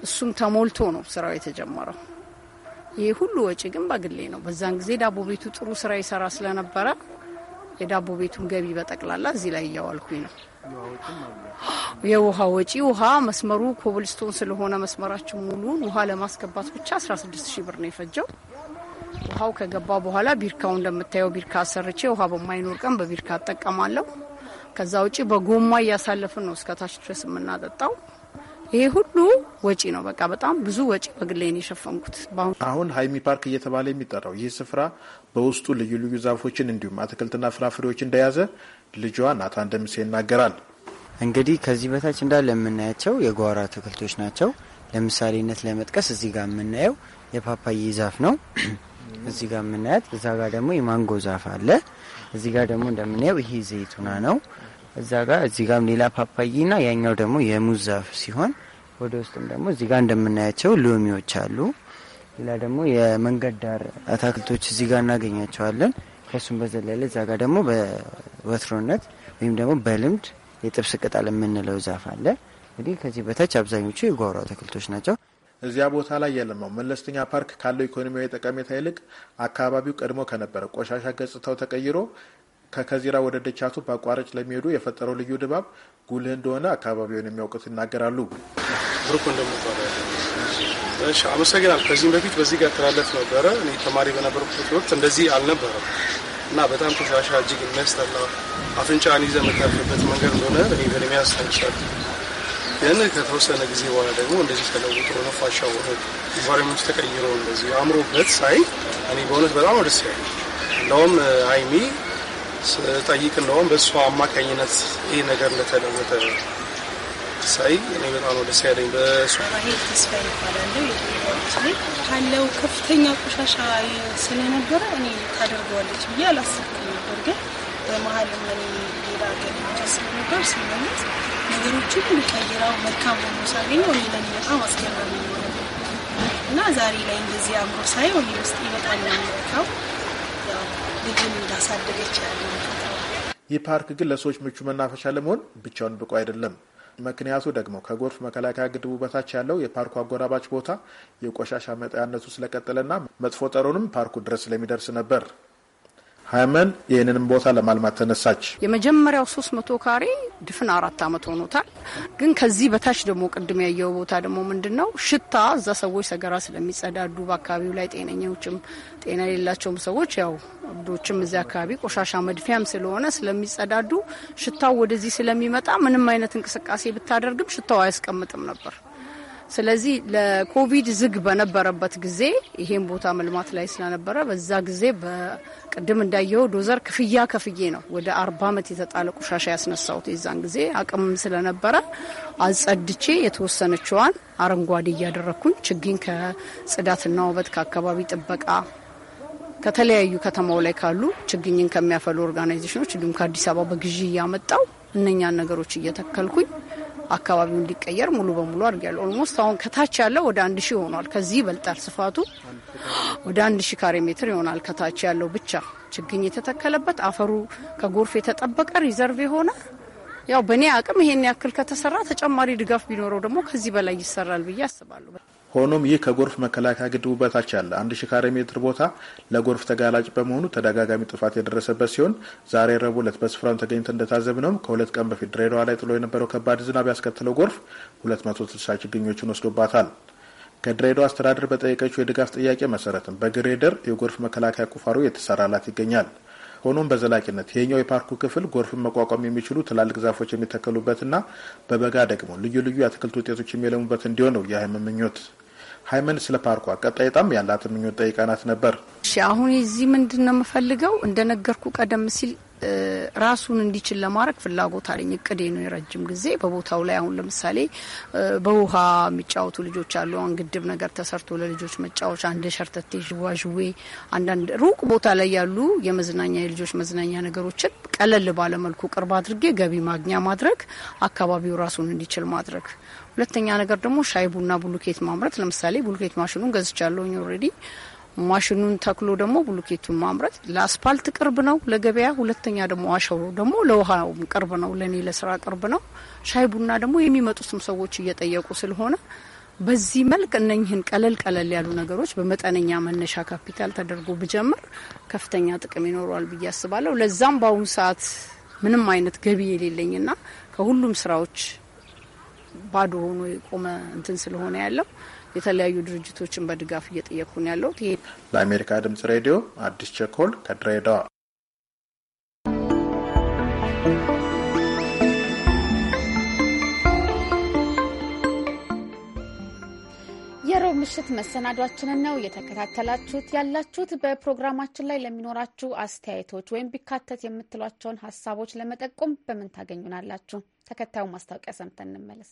F: እሱም ተሞልቶ ነው ስራው የተጀመረው። ይህ ሁሉ ወጪ ግን በግሌ ነው። በዛን ጊዜ ዳቦ ቤቱ ጥሩ ስራ ይሰራ ስለነበረ የዳቦ ቤቱን ገቢ በጠቅላላ እዚህ ላይ እያዋልኩኝ ነው። የውሃ ወጪ ውሃ መስመሩ ኮብልስቶን ስለሆነ መስመራችን ሙሉን ውሃ ለማስገባት ብቻ 16 ሺ ብር ነው የፈጀው። ውሃው ከገባ በኋላ ቢርካው እንደምታየው ቢርካ አሰርቼ ውሃ በማይኖር ቀን በቢርካ እጠቀማለሁ። ከዛ ውጪ በጎማ እያሳለፍን ነው እስከታች ድረስ የምናጠጣው። ይሄ ሁሉ ወጪ ነው። በቃ በጣም ብዙ ወጪ በግሌን የሸፈንኩት። አሁን
L: ሀይሚ ፓርክ እየተባለ የሚጠራው ይህ ስፍራ በውስጡ ልዩ ልዩ ዛፎችን እንዲሁም አትክልትና ፍራፍሬዎች እንደያዘ ልጇ ናታን ደምሴ ይናገራል። እንግዲህ ከዚህ በታች እንዳለ የምናያቸው
B: የጓሮ አትክልቶች ናቸው። ለምሳሌነት ለመጥቀስ እዚህ ጋር የምናየው የፓፓዬ ዛፍ ነው። እዚህ ጋር የምናያት እዛ ጋር ደግሞ የማንጎ ዛፍ አለ። እዚህ ጋር ደግሞ እንደምናየው ይሄ ዘይቱና ነው። እዛ ጋር እዚህ ጋም ሌላ ፓፓዬና ያኛው ደግሞ የሙዝ ዛፍ ሲሆን ወደ ውስጥም ደግሞ እዚህ ጋር እንደምናያቸው ሎሚዎች አሉ። ሌላ ደግሞ የመንገድ ዳር አታክልቶች እዚህ ጋር እናገኛቸዋለን። ከእሱም በዘለለ እዛ ጋር ደግሞ በወትሮነት ወይም ደግሞ በልምድ የጥብስ ቅጠል የምንለው ዛፍ አለ። እንግዲህ ከዚህ በታች አብዛኞቹ የጓሮ አትክልቶች ናቸው።
L: እዚያ ቦታ ላይ የለማው መለስተኛ ፓርክ ካለው ኢኮኖሚያዊ ጠቀሜታ ይልቅ አካባቢው ቀድሞ ከነበረ ቆሻሻ ገጽታው ተቀይሮ ከከዚራ ወደ ደቻቱ በአቋራጭ ለሚሄዱ የፈጠረው ልዩ ድባብ ጉልህ እንደሆነ አካባቢውን የሚያውቁት ይናገራሉ።
K: ብሩክ እሺ፣ አመሰግናል። ከዚህም በፊት በዚህ ጋር
L: ተላለፍ ነበረ። እኔ ተማሪ በነበርኩበት ወቅት እንደዚህ አልነበረም እና በጣም ቆሻሻ፣ እጅግ የሚያስጠላ አፍንጫን ይዘህ የምታልፍበት መንገድ እንደሆነ እኔ በእድሜ ያስታውሳል። ግን ከተወሰነ ጊዜ በኋላ ደግሞ እንደዚህ ተለውጦ ነፋሻ ሆኖ ኢንቫይሮመንቱ ተቀይሮ እንደዚህ
K: አእምሮበት ሳይ እኔ በእውነት በጣም ደስ ያለ እንደውም አይሚ ስጠይቅ እንደውም በእሷ አማካኝነት ይህ ነገር እንደተለወጠ ሳይ እኔ በጣም ነው ደስ ያለኝ። በሱ
F: ካለው ከፍተኛ ቆሻሻ ስለነበረ እኔ ታደርገዋለች ብዬ አላሰብኩም ነበር። ግን በመሀል ምን ሌላ ገለጫ ስለነበር ነገሮቹ ሁሉ ቀይራው መልካም ሆኖ ሳገኘው እኔ ለኔ በጣም አስገራሚ ነው እና ዛሬ ላይ እንደዚህ አምሮ ሳይ ውስጥ ይበጣል ነው የሚረካው ልጅን እንዳሳደገች ያለ
L: ይህ ፓርክ ግን ለሰዎች ምቹ መናፈሻ ለመሆን ብቻውን ብቁ አይደለም። ምክንያቱ ደግሞ ከጎርፍ መከላከያ ግድቡ በታች ያለው የፓርኩ አጎራባች ቦታ የቆሻሻ መጣያነቱ ስለቀጠለና መጥፎ ጠሮንም ፓርኩ ድረስ ስለሚደርስ ነበር። ሀመን ይህንንም ቦታ ለማልማት ተነሳች።
F: የመጀመሪያው ሶስት መቶ ካሬ ድፍን አራት አመት ሆኖታል። ግን ከዚህ በታች ደግሞ ቅድም ያየው ቦታ ደግሞ ምንድን ነው ሽታ እዛ ሰዎች ሰገራ ስለሚጸዳዱ በአካባቢው ላይ ጤነኞችም ጤና የሌላቸውም ሰዎች ያው እብዶችም እዚያ አካባቢ ቆሻሻ መድፊያም ስለሆነ ስለሚጸዳዱ ሽታው ወደዚህ ስለሚመጣ ምንም አይነት እንቅስቃሴ ብታደርግም ሽታው አያስቀምጥም ነበር። ስለዚህ ለኮቪድ ዝግ በነበረበት ጊዜ ይሄን ቦታ መልማት ላይ ስለነበረ በዛ ጊዜ በቅድም እንዳየው ዶዘር ክፍያ ከፍዬ ነው ወደ አርባ ዓመት የተጣለ ቆሻሻ ያስነሳሁት። የዛን ጊዜ አቅም ስለነበረ አጸድቼ የተወሰነችዋን አረንጓዴ እያደረግኩኝ ችግኝ ከጽዳትና ውበት ከአካባቢ ጥበቃ ከተለያዩ ከተማው ላይ ካሉ ችግኝን ከሚያፈሉ ኦርጋናይዜሽኖች እንዲሁም ከአዲስ አበባ በግዢ እያመጣው እነኛን ነገሮች እየተከልኩኝ አካባቢው እንዲቀየር ሙሉ በሙሉ አድርጊያለሁ። ኦልሞስት አሁን ከታች ያለው ወደ አንድ ሺህ ሆኗል። ከዚህ ይበልጣል። ስፋቱ ወደ አንድ ሺህ ካሬ ሜትር ይሆናል። ከታች ያለው ብቻ ችግኝ የተተከለበት አፈሩ ከጎርፍ የተጠበቀ ሪዘርቭ የሆነ ያው በእኔ አቅም ይሄን ያክል ከተሰራ ተጨማሪ ድጋፍ ቢኖረው ደግሞ ከዚህ በላይ ይሰራል ብዬ አስባለሁ።
L: ሆኖም ይህ ከጎርፍ መከላከያ ግድቡ በታች ያለ አንድ ሺ ካሬ ሜትር ቦታ ለጎርፍ ተጋላጭ በመሆኑ ተደጋጋሚ ጥፋት የደረሰበት ሲሆን ዛሬ ረቡዕ ዕለት በስፍራው ተገኝተን እንደታዘብነውም ከሁለት ቀን በፊት ድሬዳዋ ላይ ጥሎ የነበረው ከባድ ዝናብ ያስከተለው ጎርፍ 260 ችግኞችን ወስዶባታል። ከድሬዳዋ አስተዳደር በጠየቀችው የድጋፍ ጥያቄ መሰረትም በግሬደር የጎርፍ መከላከያ ቁፋሮ የተሰራላት ይገኛል። ሆኖም በዘላቂነት ይህኛው የፓርኩ ክፍል ጎርፍን መቋቋም የሚችሉ ትላልቅ ዛፎች የሚተከሉበትና በበጋ ደግሞ ልዩ ልዩ የአትክልት ውጤቶች የሚለሙበት እንዲሆን ነው ምኞት። ሀይመን ስለ ፓርኩ አቀጣይ ጣም ያላትን ምኞት ጠይቀናት ነበር።
F: አሁን የዚህ ምንድን ነው የምፈልገው እንደነገርኩ ቀደም ሲል ራሱን እንዲችል ለማድረግ ፍላጎት አለኝ። እቅዴ ነው የረጅም ጊዜ በቦታው ላይ አሁን ለምሳሌ በውሃ የሚጫወቱ ልጆች አሉ። አሁን ግድብ ነገር ተሰርቶ ለልጆች መጫወቻ አንድ ሸርተቴ፣ ዥዋዥዌ አንዳንድ ሩቅ ቦታ ላይ ያሉ የመዝናኛ የልጆች መዝናኛ ነገሮችን ቀለል ባለመልኩ ቅርብ አድርጌ ገቢ ማግኛ ማድረግ አካባቢው ራሱን እንዲችል ማድረግ ሁለተኛ ነገር ደግሞ ሻይ ቡና ቡሉኬት ማምረት ለምሳሌ ቡሉኬት ማሽኑን ገዝቻለሁኝ ኦልሬዲ ማሽኑን ተክሎ ደግሞ ቡሉኬቱን ማምረት ለአስፓልት ቅርብ ነው ለገበያ። ሁለተኛ ደግሞ አሸሮ ደግሞ ለውሃውም ቅርብ ነው፣ ለእኔ ለስራ ቅርብ ነው። ሻይ ቡና ደግሞ የሚመጡትም ሰዎች እየጠየቁ ስለሆነ በዚህ መልክ እነኝህን ቀለል ቀለል ያሉ ነገሮች በመጠነኛ መነሻ ካፒታል ተደርጎ ብጀምር ከፍተኛ ጥቅም ይኖረዋል ብዬ አስባለሁ። ለዛም በአሁኑ ሰዓት ምንም አይነት ገቢ የሌለኝና ከሁሉም ስራዎች ባዶ ሆኖ የቆመ እንትን ስለሆነ ያለው የተለያዩ ድርጅቶችን በድጋፍ እየጠየቅኩን ያለሁት ይሄ።
L: ለአሜሪካ ድምጽ ሬዲዮ አዲስ ቸኮል ከድሬዳዋ
A: የሮብ ምሽት መሰናዷችንን ነው እየተከታተላችሁት ያላችሁት። በፕሮግራማችን ላይ ለሚኖራችሁ አስተያየቶች ወይም ቢካተት የምትሏቸውን ሀሳቦች ለመጠቆም በምን ታገኙናላችሁ? ተከታዩን ማስታወቂያ ሰምተን እንመለስ።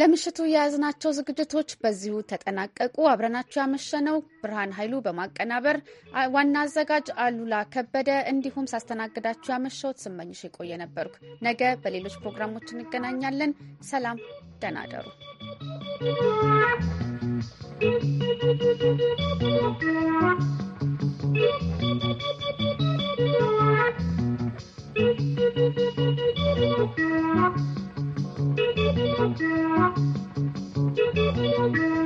A: ለምሽቱ የያዝናቸው ዝግጅቶች በዚሁ ተጠናቀቁ። አብረናችሁ ያመሸነው ብርሃን ኃይሉ በማቀናበር ዋና አዘጋጅ አሉላ ከበደ፣ እንዲሁም ሳስተናግዳችሁ ያመሸሁት ስመኝሽ የቆየ ነበርኩ። ነገ በሌሎች ፕሮግራሞች እንገናኛለን። ሰላም፣ ደህና እደሩ።
B: Thank you.